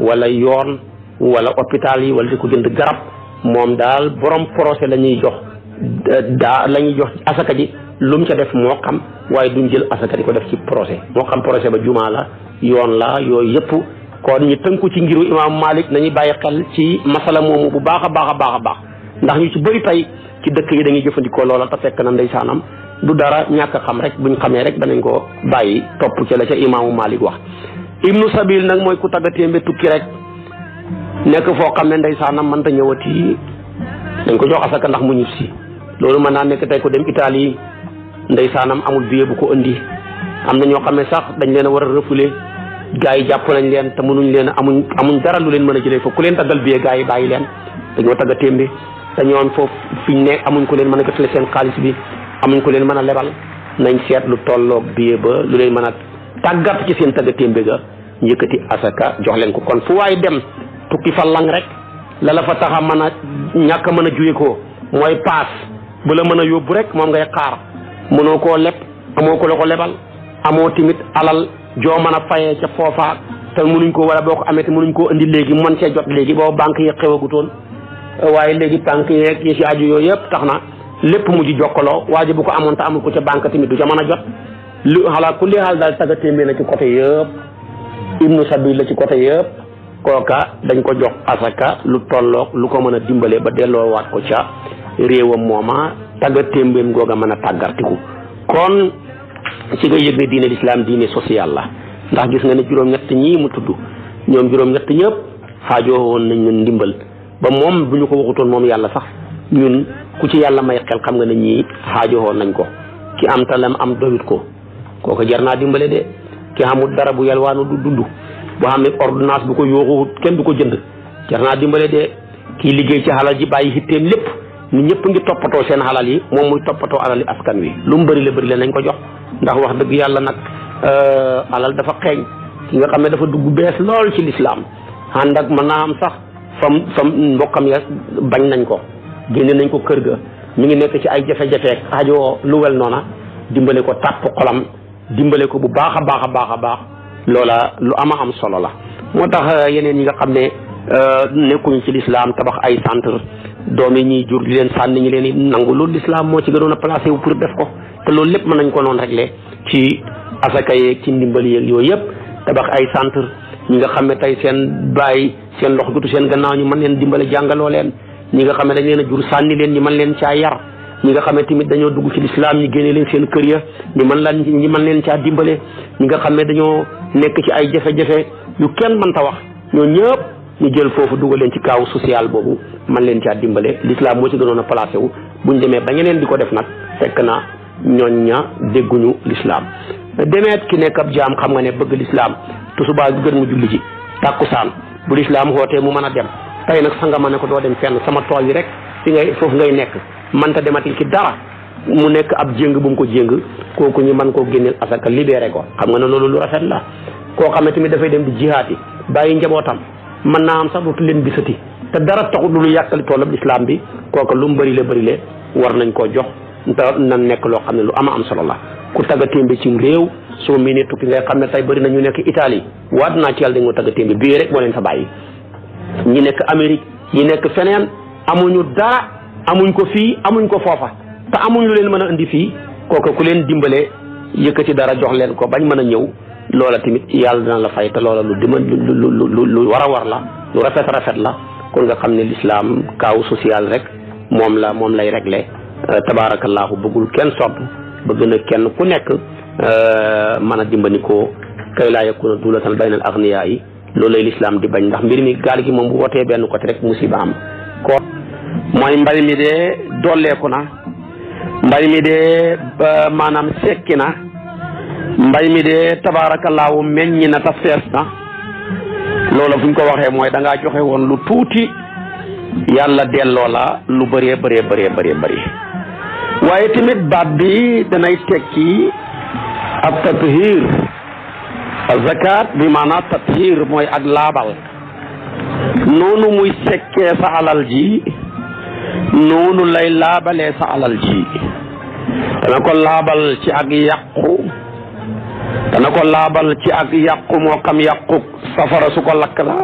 wala yoon wala hôpital yi wala di ko jënd garab moom daal borom procès la ñuy jox daa lañuy jox asaka ji lu mu ca def moo xam waaye duñ jël asaka di ko def ci procès moo xam procès ba jumaa la yoon la yooyu yëpp kon ñu tënku ci ngiru imaamu Malik nañuy bàyyi xel ci masala moomu bu baax a baax a baax a baax ndax ñu ci bëri tey ci dëkk yi dañuy jëfandikoo loola te fekk na ndeysaanam du dara ñàkk xam rek buñ xamee rek danañ ko bàyyi topp ci la ca imaamu Malik wax ibnu sabil nag mooy ku taggatéembe tukki rek nekk foo xam ne ndeysaanam mënta ñëwati dañ ko jox asaka ndax mu ñib loolu mën naa nekk tey ko dem Italie ndeysaanam amul billet bu ko indi am na ñoo xam ne sax dañ leen a war a refoulé gars yi jàpp nañ leen te mënuñ leen amuñ amuñ dara lu leen mën a jëlee foofu ku leen taggal billet gars yi bàyyi leen dañoo taggatéembe te ñoon foofu fiñ ne amuñ ko leen mën a jotale seen xaalis bi amuñ ko leen mën a lebal nañ seet lu tolloog billet ba lu leen mën a tàggat ci seen tagga témbe ga njëkkati asaka jox leen ko kon fu waaye dem tukki fa lang rek la la fa taxa mën a ñàkk mën a juye ko mooy paas bu la mën a yóbbu rek moom ngay xaar mënoo koo leb amoo ko la ko lebal amoo tamit alal joo mën a fayee ca foofaa te mënuñ ko wala boo ko amee te mënuñ koo indi léegi mën cee jot léegi boobu banque yi xewagutoon waaye léegi banque yeeg yi si aju yooyu yëpp tax na lépp mu ji jokkaloo waaye bu ko amoon ta amul ko ca banque tamit du ca mën a jot lu xalaa ku li xaal daal taga téeméer ci côté yëpp ibnu la ci côté kooka dañ ko jox asaka lu tolloog lu ko mën a dimbalee ba delloo waat ko ca réewam mooma tagga téeméem googa mën a tàggartiku kon ci nga yëg ne diine lislaam diine social la ndax gis nga ne juróom-ñett ñii mu tudd ñoom juróom-ñett ñëpp xaajoo woon nañ leen ndimbal ba moom bu ñu ko waxutoon moom yàlla sax ñun ku ci yàlla may xel xam nga ne ñii xaajowoon nañ ko ki am talam am doyut ko kooku jar naa dimbale de ki amul dara bu yalwaanu du dund boo xam ne ordonnance bu ko yooxuwut kenn du ko jënd jar naa dimbale de kii liggéey ci xalal ji bàyyi xitteem lépp ñu ñëpp ngi toppatoo seen xalal yi moom muy toppatoo alali askan wi lu mu bëri la bëri la nañ ko jox ndax wax dëgg yàlla nag euh, alal dafa xeeñ ki nga xam ne dafa dugg bees lool ci lislaam ànd ak mën naa am sax fam fam mbokkam ya bañ nañ ko génne nañ ko kër ga mu ngi nekk ci ay jafe-jafe ajoo lu wel noona dimbale ko tàpp xolam dimbale ko bu baax a baax a baax a baax loola lu am a am solo la moo tax euh, yeneen yi nga xam ne euh, nekkuñ ci lislaam tabax ay centre doom yi ñuy jur di leen sànni ñi leen i nangu loolu lislaam moo ci gënoon a wu pour def ko te loolu lépp mën nañ ko noonu réglé ci asaka yeeg ci ndimbal yeeg yooyu yëpp tabax ay centre ñi nga xam ne tey seen bàyyi seen loxo gutu seen gannaaw ñu mën leen dimbale jàngaloo leen ñi nga xam ne dañ leen a jur leen ñi mën leen caa yar ñi nga xam ne tamit dañoo dugg ci lislaam ñi génne leen seen kër ya ñi mën laan ñi mën leen caa dimbale ñi nga xam ne dañoo nekk ci ay jafe-jafe yu kenn ta wax ñoo ñëpp ñu jël foofu dugal leen ci kaaw social boobu mën leen caa dimbale lislaam moo ci gënoon a placé wu buñ demee ba ñeneen di ko def nag fekk na ñooñ ña dégguñu lislaam demeet ki nekk ab jaam xam nga ne bëgg lislaam tusubaa gën mu julli ji tàkkusaan bu lislaam xootee mu mën a dem tey nag sanga ma ne ko doo dem fenn sama tool yi rek fi ngay foofu ngay nekk manta dematil ci dara mu nekk ab jëng bu mu ko jëng kooku ñu mën koo génneel asaka libeere ko xam nga ne loolu lu rafet la koo xam ne tamit dafay dem di jihaati bàyyi njabootam mën naa am sax dootu leen bisati te dara taxut lu yàqali toolam islam bi kooka lu mu bërile bërile war nañ koo jox da na nekk loo xam ne lu am am solo la ku tagga témbe cim réew soo mii ne tukki ngay xam ne tey bari na ñu nekk Italie waat naa ci yàlla dañoo tagga témbe bii rek moo leen fa nekk Amérique ñi nekk feneen amuñu dara amuñ ko fii amuñ ko foofa te amuñ lu leen mën a indi fii kooku ku leen dimbale yëkkati dara jox leen ko bañ mën a ñëw loola tamit yàlla dina la fay lu dima lu lu war a war la lu rafet rafet la kon nga xam ne l'islam kaaw social rek moom la moom lay réglé Euh, tabaarakallaahu bëggul kenn sopp bëgg na kenn ku nekk euh, man a dimbandikoo kay laa yakuna dulatan baynal agniyaa yi loolu lay lislaam di bañ ndax mbir mi gaal gi moom bu wotee benn côté rek musiba am ko mooy mbay mi dee dolleeku na mbay mi dee maanaam sekki na mbay mi dee tabaarakallaahu meññ na ta fees na loola fu ñu ko waxee mooy da ngaa joxe woon lu tuuti yàlla delloo la lu baree bëree baree bëree bëri waaye tamit baat bi danay tekki ab tathiir zakat bi maanaam tathiir mooy ak laabal noonu muy sekkee sa alal ji noonu lay laabale sa alal ji dana ko laabal ci ak yàqu dana ko laabal ci ak yàqu moo xam yàqu safara su ko lakk la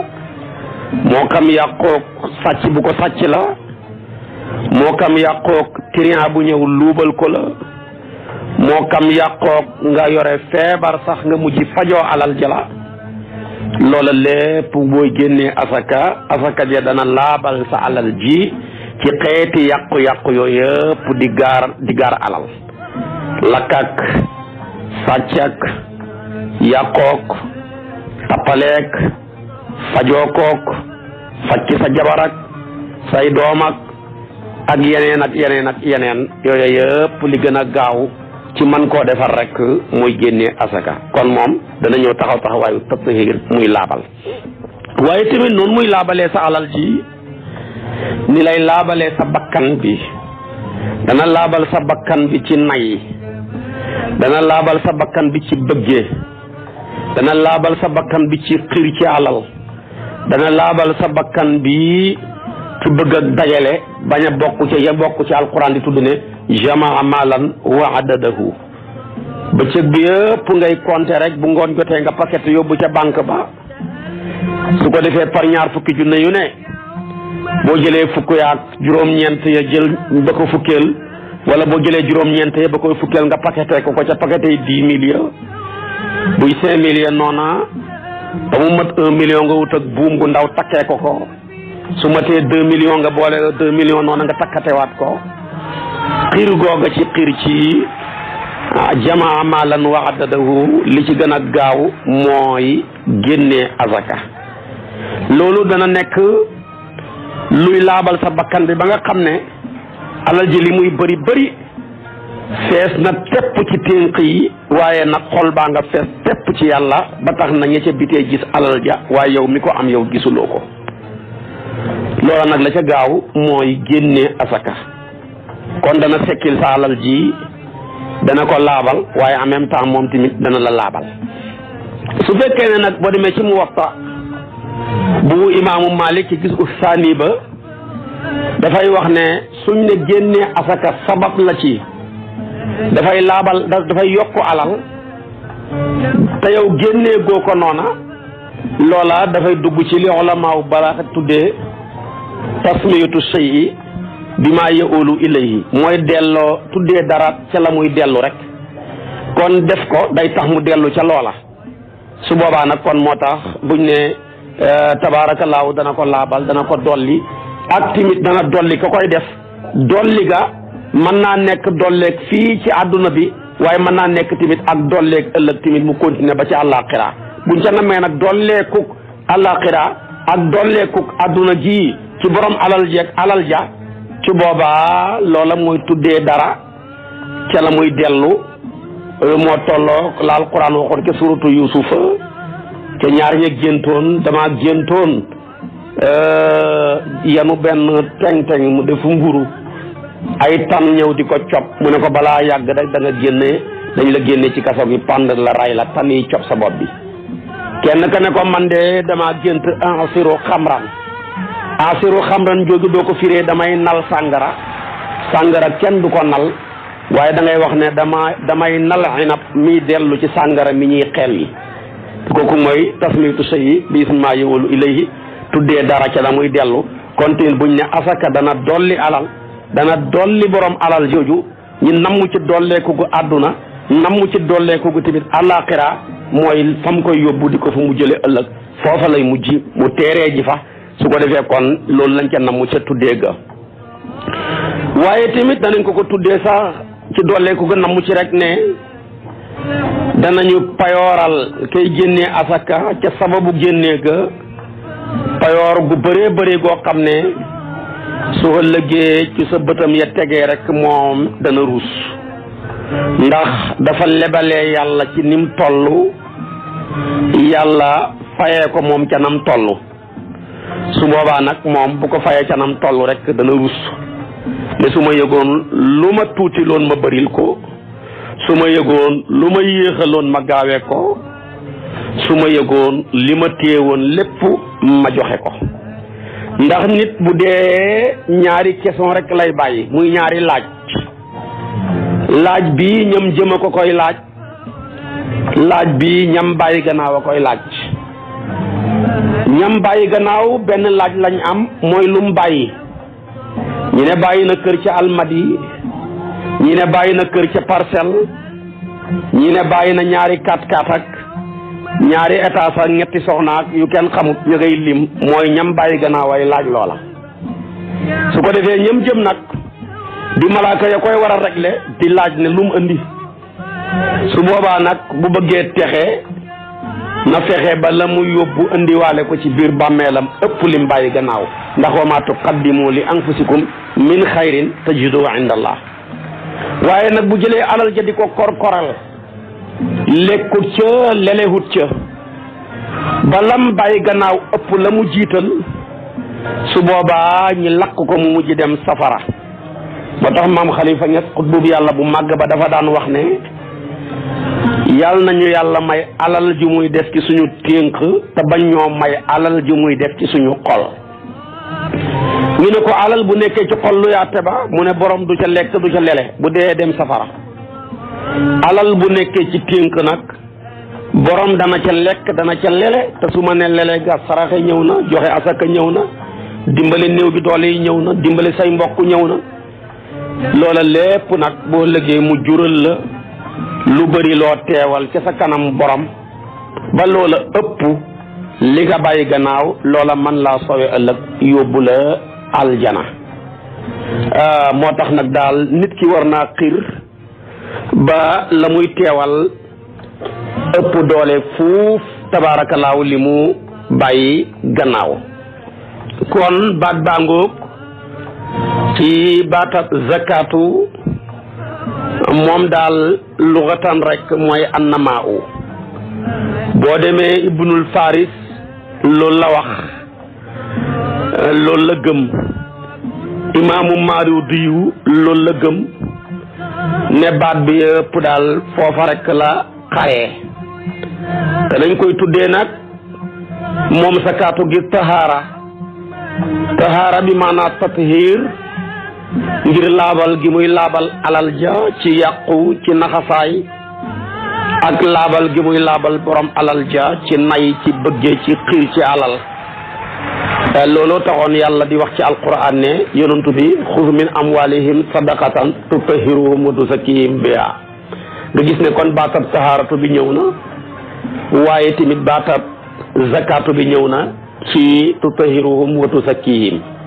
moo xam yàqu sàcc bu ko sàcc la moo kam yàqoog client bu ñëw luubal ko la moo kam yàqoog nga yore feebar sax nga mujj fajoo alal jala loola lépp booy génnee asaka asaka ja dana laabal sa alal ji ci xeeti yàqu-yàqu yooyu yëpp di gaar di gaar alal lakkak sàccak yàqook tappaleek fajookook facci sa jabarak say doomak ak yeneen ak yeneen ak yeneen yooyu yëpp li gën a gaaw ci man koo defar rek mooy génne asaka kon moom dana ñëw taxaw taxawaayu tathiir muy laabal waaye tamit noonu muy laabalee sa alal ji ni lay laabalee sa bakkan bi dana laabal sa bakkan bi ci nay dana laabal sa bakkan bi ci bëggee dana laabal sa bakkan bi ci xir ci alal dana laabal sa bakkan bi ki bëgg a dajale bañ a bokk ci bokk ci alquran di tudd ne jamaa malan wa adadahu bëccëg bi yëpp ngay compter rek bu ngoon jotee nga paquet yóbbu ca banque ba su ko defee parñaar fukki junne yu ne boo jëlee fukk ya ak juróom-ñeent ya jël ba ko fukkeel wala boo jëlee juróom-ñeent ya ba koy fukkeel nga paqueté ko ko ca paqueté yi dix buy cinq mille noona ba mu mat un million nga wut ak buum gu ndaw takkee ko ko su matee deux million nga boole deux millions noonu nga takkatewaat ko xiir googa ci xiir ci ah, jamaa maalan waxadadahu li ci gën a gaaw mooy génnee azaka loolu dana nekk luy laabal sa bakkan bi ba nga xam ne alal ji li muy bari bari fees na tepp ci ténk yi waaye nag xol baa nga fees tepp ci yàlla ba tax na ña ca bitee gis alal ja waaye yow mi ko am yow gisuloo ko loola nag la ca gaaw mooy génne asaka kon dana sekkil sa alal ji dana ko laabal waaye en même temps moom tamit dana la laabal su fekkee ne nag boo demee ci Muwatta bu imaamu Malik ci gis ussaani ba dafay wax ne suñ ne génnee asaka sabab la ci dafay laabal dafay yokk alal te yow génnee goo ko noona loola dafay dugg ci li ulamaaw balaa tuddee sëy tasmiyatu shay'i bimaa ya'ulu yi mooy delloo tuddee dara ca la muy dellu rek kon def ko day tax mu dellu ca loola su boobaa nag kon moo tax buñ ne eh, tabaarakallaahu dana ko laabal dana ko dolli ak timit dana dolli ko koy def dolli ga mën naa nekk dolleeg fii ci àdduna bi waaye mën naa nekk tamit ak dolleeg ëllëg tamit mu continuer ba ci àllaaxira buñ ca namee nag dolleekuk àllaaxira ak dolleekuk àdduna ji ci borom alal jeeg alal ja ci boobaa loola mooy tuddee dara ca la muy dellu moo tolloo laal quran waxoon ca suratu yusufa ca ñaar ña géntoon dama géntoon euh, yanu benn teng-teng mu defu mburu ay tan ñëw di ko cop mu ne ko balaa yàgg rek da nga génne dañ la génne ci kaso gi pand la ray la tan yi cop sa bopp bi kenn ka ne ko man de damaa gént ansiru xamran asiru xamran jooju doo ko firee damay nal sàngara sàngara kenn du ko nal waaye da ngay wax ne dama damay nal inab mi dellu ci sàngara mi ñuy xel yi kooku mooy tasmitu sëy yi bi isma yowolu ilayhi tuddee dara ca la muy dellu kontin buñ ne asaka dana dolli alal dana dolli borom alal jooju ñu namm ci dolleeku gu àdduna namm ci dolleeku gu tamit àllaaxira mooy fam koy yóbbu di ko fa mu jële ëllëg foofa lay mujj mu teeree ji fa su ko defee kon loolu lañ ca namm ca tuddee ga waaye tamit danañ ko ko tuddee sax ci doole ku ko namm ci rek ne danañu payooral kay génnee asaka ca sababu génnee ga payoor gu bëree bëri goo xam ne su ëllëgee ci sa bëtam ya tegee rek moom dana ruus ndax dafa lebalee yàlla ci nim toll yàlla fayee ko moom ca nam toll su boobaa nag moom bu ko fayee ca nam toll rek dana rus ne su ma yëgoon lu ma tuuti loon ma baril ko su ma yëgoon lu ma yéexaloon ma gaawee ko su ma yëgoon li ma téewoon lépp ma joxe ko ndax nit bu dee ñaari question rek lay bàyyi muy ñaari laaj laaj bi ñam jëm a ko koy laaj laaj bi ñam bàyyi gannaaw a koy laaj ñam bàyyi gannaaw benn laaj lañ am mooy lum bàyyi ñu ne bàyyi na kër ca almadi ñi ne bàyyi na kër ca parcel ñi ne bàyyi na ñaari kat kat ak ñaari étage ak ñetti soxnaak yu kenn xamut ñu ngay lim mooy ñam bàyyi gannaaw ay laaj loola su ko defee ñam jëm nag di malaaka ya koy war a régler di laaj ne lum andi su boobaa nag bu bëggee texe na fexe ba la mu yóbbu indiwaale ko ci biir bàmmeelam ëpp lim bàyyi gannaaw ndax wa maa tuqaddimu li anfusikum min xayrin tajidu inda allah waaye nag bu jëlee alal ja di ko korkoral lekkut ca lelehut ca ba lam bàyyi gannaaw ëpp la mu jiital su boobaa ñi lakk ko mu mujj dem safara ba tax maam xalifa ñes xutbub yàlla bu màgg ba dafa daan wax ne yal nañu yàlla may alal ji muy def ci suñu ténk te bañ ñoo may alal ji muy def ci suñu xol ñu ne ko alal bu nekkee ci xol lu yaate ba mu ne borom du ca lekk du ca lele bu dee dem safara alal bu nekkee ci ténk nag borom dana ca lekk dana ca lele te su ma ne lele ga saraxe ñëw na joxe asaka ñëw na dimbale néew bi doole yi ñëw na dimbali say mbokk ñëw na loola lépp nag boo lëggee mu jural la lu bëri loo teewal ca sa kanam borom ba loola ëpp li nga bàyyi gannaaw loola man laa sowe ëllëg yóbbu la aljana ah, moo tax nag daal nit ki war naa xir ba la muy teewal ëpp doole fuuf tabaarakallaahu li mu bàyyi gannaaw kon baat baa ci baata zakatu moom daal luxatan rekk mooy annamaa u boo demee ibnul faris loolu la wax loolu la gëm imaamu Maarudi loolu la gëm ne baat bi yëpp daal foofa rekk la xaree te dañ koy tuddee nag moom sa kaatu gi tahaara tahaara bi maanaa tathiir ngir laabal gi muy laabal alal ja ci yàqu ci naxasaay ak laabal gi muy laabal borom alal ja ci nay ci bëggee ci xiir ci alal eh, looloo taxoon yàlla di wax ci alquran ne yonantu bi xuz min amwalihim sadaqatan tutahhiruhum wa tuzakkihim biha nga gis ne kon baatab taharatu bi ñëw na waaye tamit baatab zakatu bi ñëw na ci tutahhiruhum wa tuzakkihim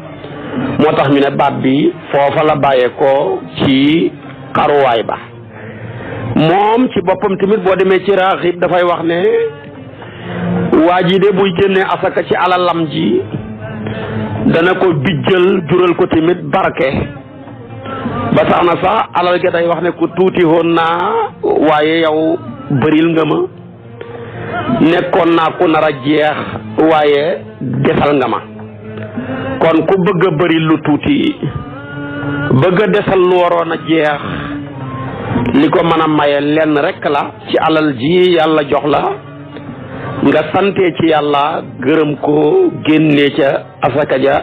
moo tax ñu ne baat bi foofa la bàyyeekoo ci xaruwaay ba moom ci boppam tamit boo demee ci raaxib dafay wax ne waa jii de buy génnee asaka ci alalam ji dana ko bijjal jural ko tamit barke ba tax na sax alal ga day wax ne ku tuuti woon naa waaye yow baril nga ma nekkoon naa ku nar a jeex waaye defal nga ma kon ku bëgg a lu tuuti bëgg a desal lu waroon a jeex li ko mën a maye lenn rekk la ci alal ji yàlla jox la nga sante ci yàlla gërëm ko génne ca asaka ja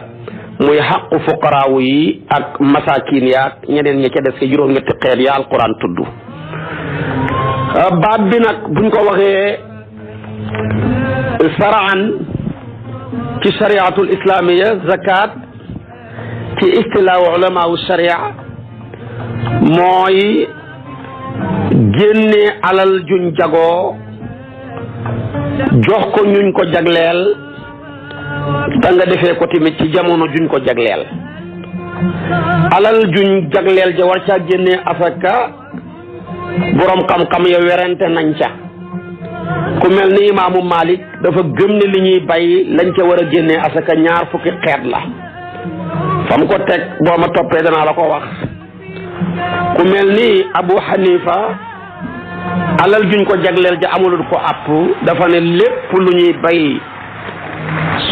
muy xàqu fuqaraawu yi ak masaakin ya ak ñeneen ña ca des ka juróom-ñetti xeet ya alquran tudd baat bi nag buñ ko waxee saraan ci shari'atul islamiya zakat ci istilaawu ulamaawu sharia mooy génne alal juñ jagoo jox ko ñuñ ko jagleel da nga defee ko tamit ci jamono juñ ko jagleel alal juñ jagleel ja war caa génne asaka boroom xam-xam ya werante nañ ca ku mel ni imaamu Malik dafa gëm ne li ñuy bay lañ ca war a génnee asaka ñaar fukki xeet la fam ko teg boo ma toppee danaa la ko wax ku mel ni Abu Hanifa alal juñ ko jagleel ja amulul ko àpp dafa ne lépp lu ñuy bay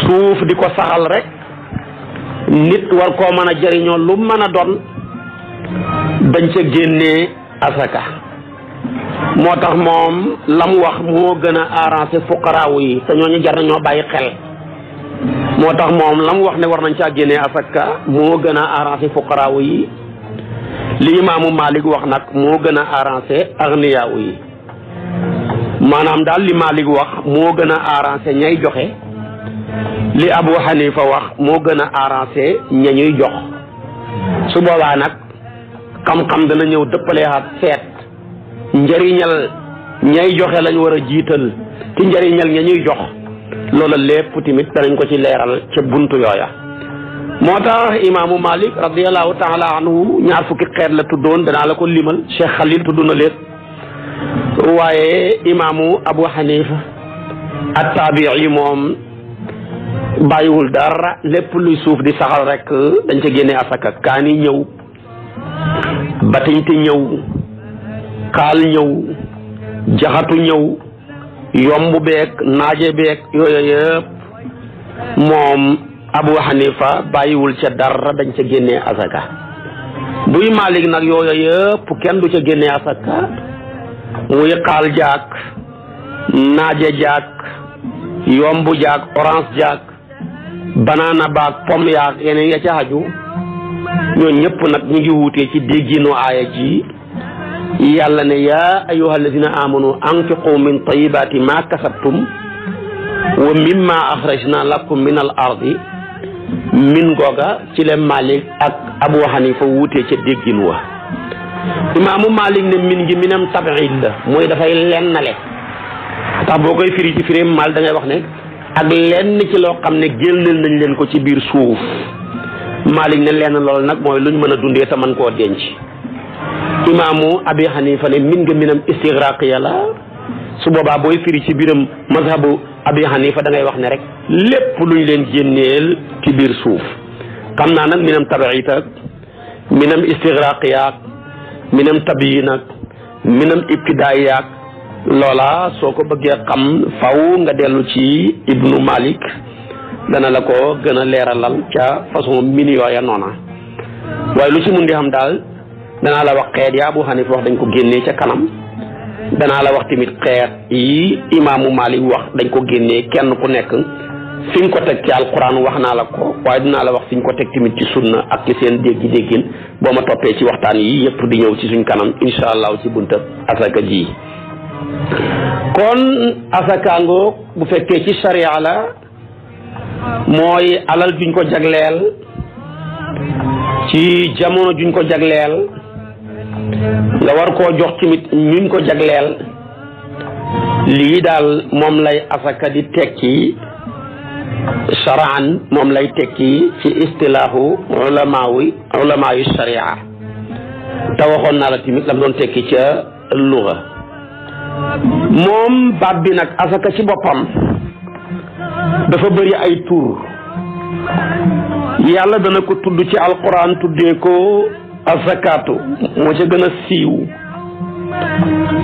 suuf di ko saxal rek nit war koo mën a jariñoo lu mën a doon dañ ca génnee asaka moo tax moom lam wax moo gën a arrangé fuqaraawu yi te ñooñu jar nañoo bàyyi xel moo tax moom lam wax ne war nañ caa génnee asaka moo gën a arrangé fuqaraawu yi li imaamu Malik wax nag moo gën a arrangé agniyaawu yi maanaam daal li Malik wax moo gën a arrangé ñay joxe li Abu Hanifa wax moo gën a arrangé ña ñuy jox su nag xam-xam dana ñëw dëppale ak seet njariñal ñay joxe lañ war a jiital ci njariñal ña ñuy jox loola lépp tamit danañ ko ci leeral ca bunt yooya moo tax imaamu malik radiallahu taala anhu ñaar fukki xeet la tuddoon danaa la ko limal cheikh xalil tudd na lépp waaye imaamu abu hanifa at taabii moom bàyyiwul dara lépp luy suuf di saxal rek dañ ca génne asaka kaani ñëw batiñ ti ñëw kaal ñëw jaxatu ñëw yomb beeg naaje beeg yooyu yëpp moom Abu Hanifa bàyyiwul ca dara dañ ca génnee asaka buy Malik nag yooyu yëpp kenn du ca génnee asaka muy xaal jaak naaje jaak yomb jaak orange jaak banaana baak pom yaak yeneen ya ca haju ñoo ñëpp nag ñu ngi wuutee ci dégginoo aaya ji yàlla ne yaa ayyuha alladina amanu anfiqu min tayibaati ma kasabtum wa mimma axrajna lakum min al ardi min googa ci la Malik ak Abu Hanifa wuutee ca déggin wa imaamu Malik ne min ngi minam tabiid la mooy dafay lennale tax boo koy firi ci firim mal da wax ne ak lenn ci loo xam ne génneel nañ leen ko ci biir suuf Malik ne lenn lool nag mooy luñ mën a dundee te man koo denc imaamu abi xanifa ne min nga minam istigraq la su boobaa booy firi ci biram mazhabu abi xanifa da ngay wax ne rek lépp luñ leen génneel ci biir suuf xam naa nag minam tabaxit ak minam istigraq yaak minam tabiyin ak minam ibtidaay yaak loola soo ko bëggee xam faw nga dellu ci ibnu malik dana la ko gën a leeralal ca façon min yooya noona waaye lu ci mun di xam daal danaa la wax xeet ya Abu Hanifa wax dañ ko génnee ca kanam danaa la wax tamit xeet yi imaamu Malik wax dañ ko génnee kenn ku nekk fi nga ko teg ci alquran wax naa la ko waaye dinaa la wax fi nga ko teg tamit ci sunna ak ci seen dégg-déggin boo ma toppee ci waxtaan yi yëpp di ñëw ci suñ kanam incha allah ci bunta asaka ji kon asakaango bu fekkee ci sharia la mooy alal juñ ko jagleel ci jamono juñ ko jagleel nga war koo jox tamit ñuñ ko jagleel lii daal moom lay asaka di tekki saraan moom lay tekki ci istilaahu ulamaawi ulamaayu sharia te waxoon naa la tamit lam doon tekki ca luga moom baat bi nag asaka ci boppam dafa bëri ay tur yàlla dana ko tudd ci alquran tuddee ko azakaatu moo ca gën a siiw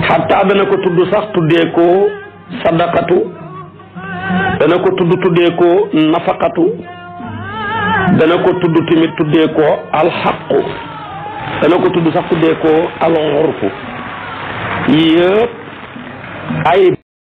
xataa dana ko tudd sax tuddee ko sadaqatu dana ko tudd tuddee ko nafaqatu dana ko tudd timit tuddee ko alxaqu dana ko tudd sax tuddee ko alxurfu yëpp ay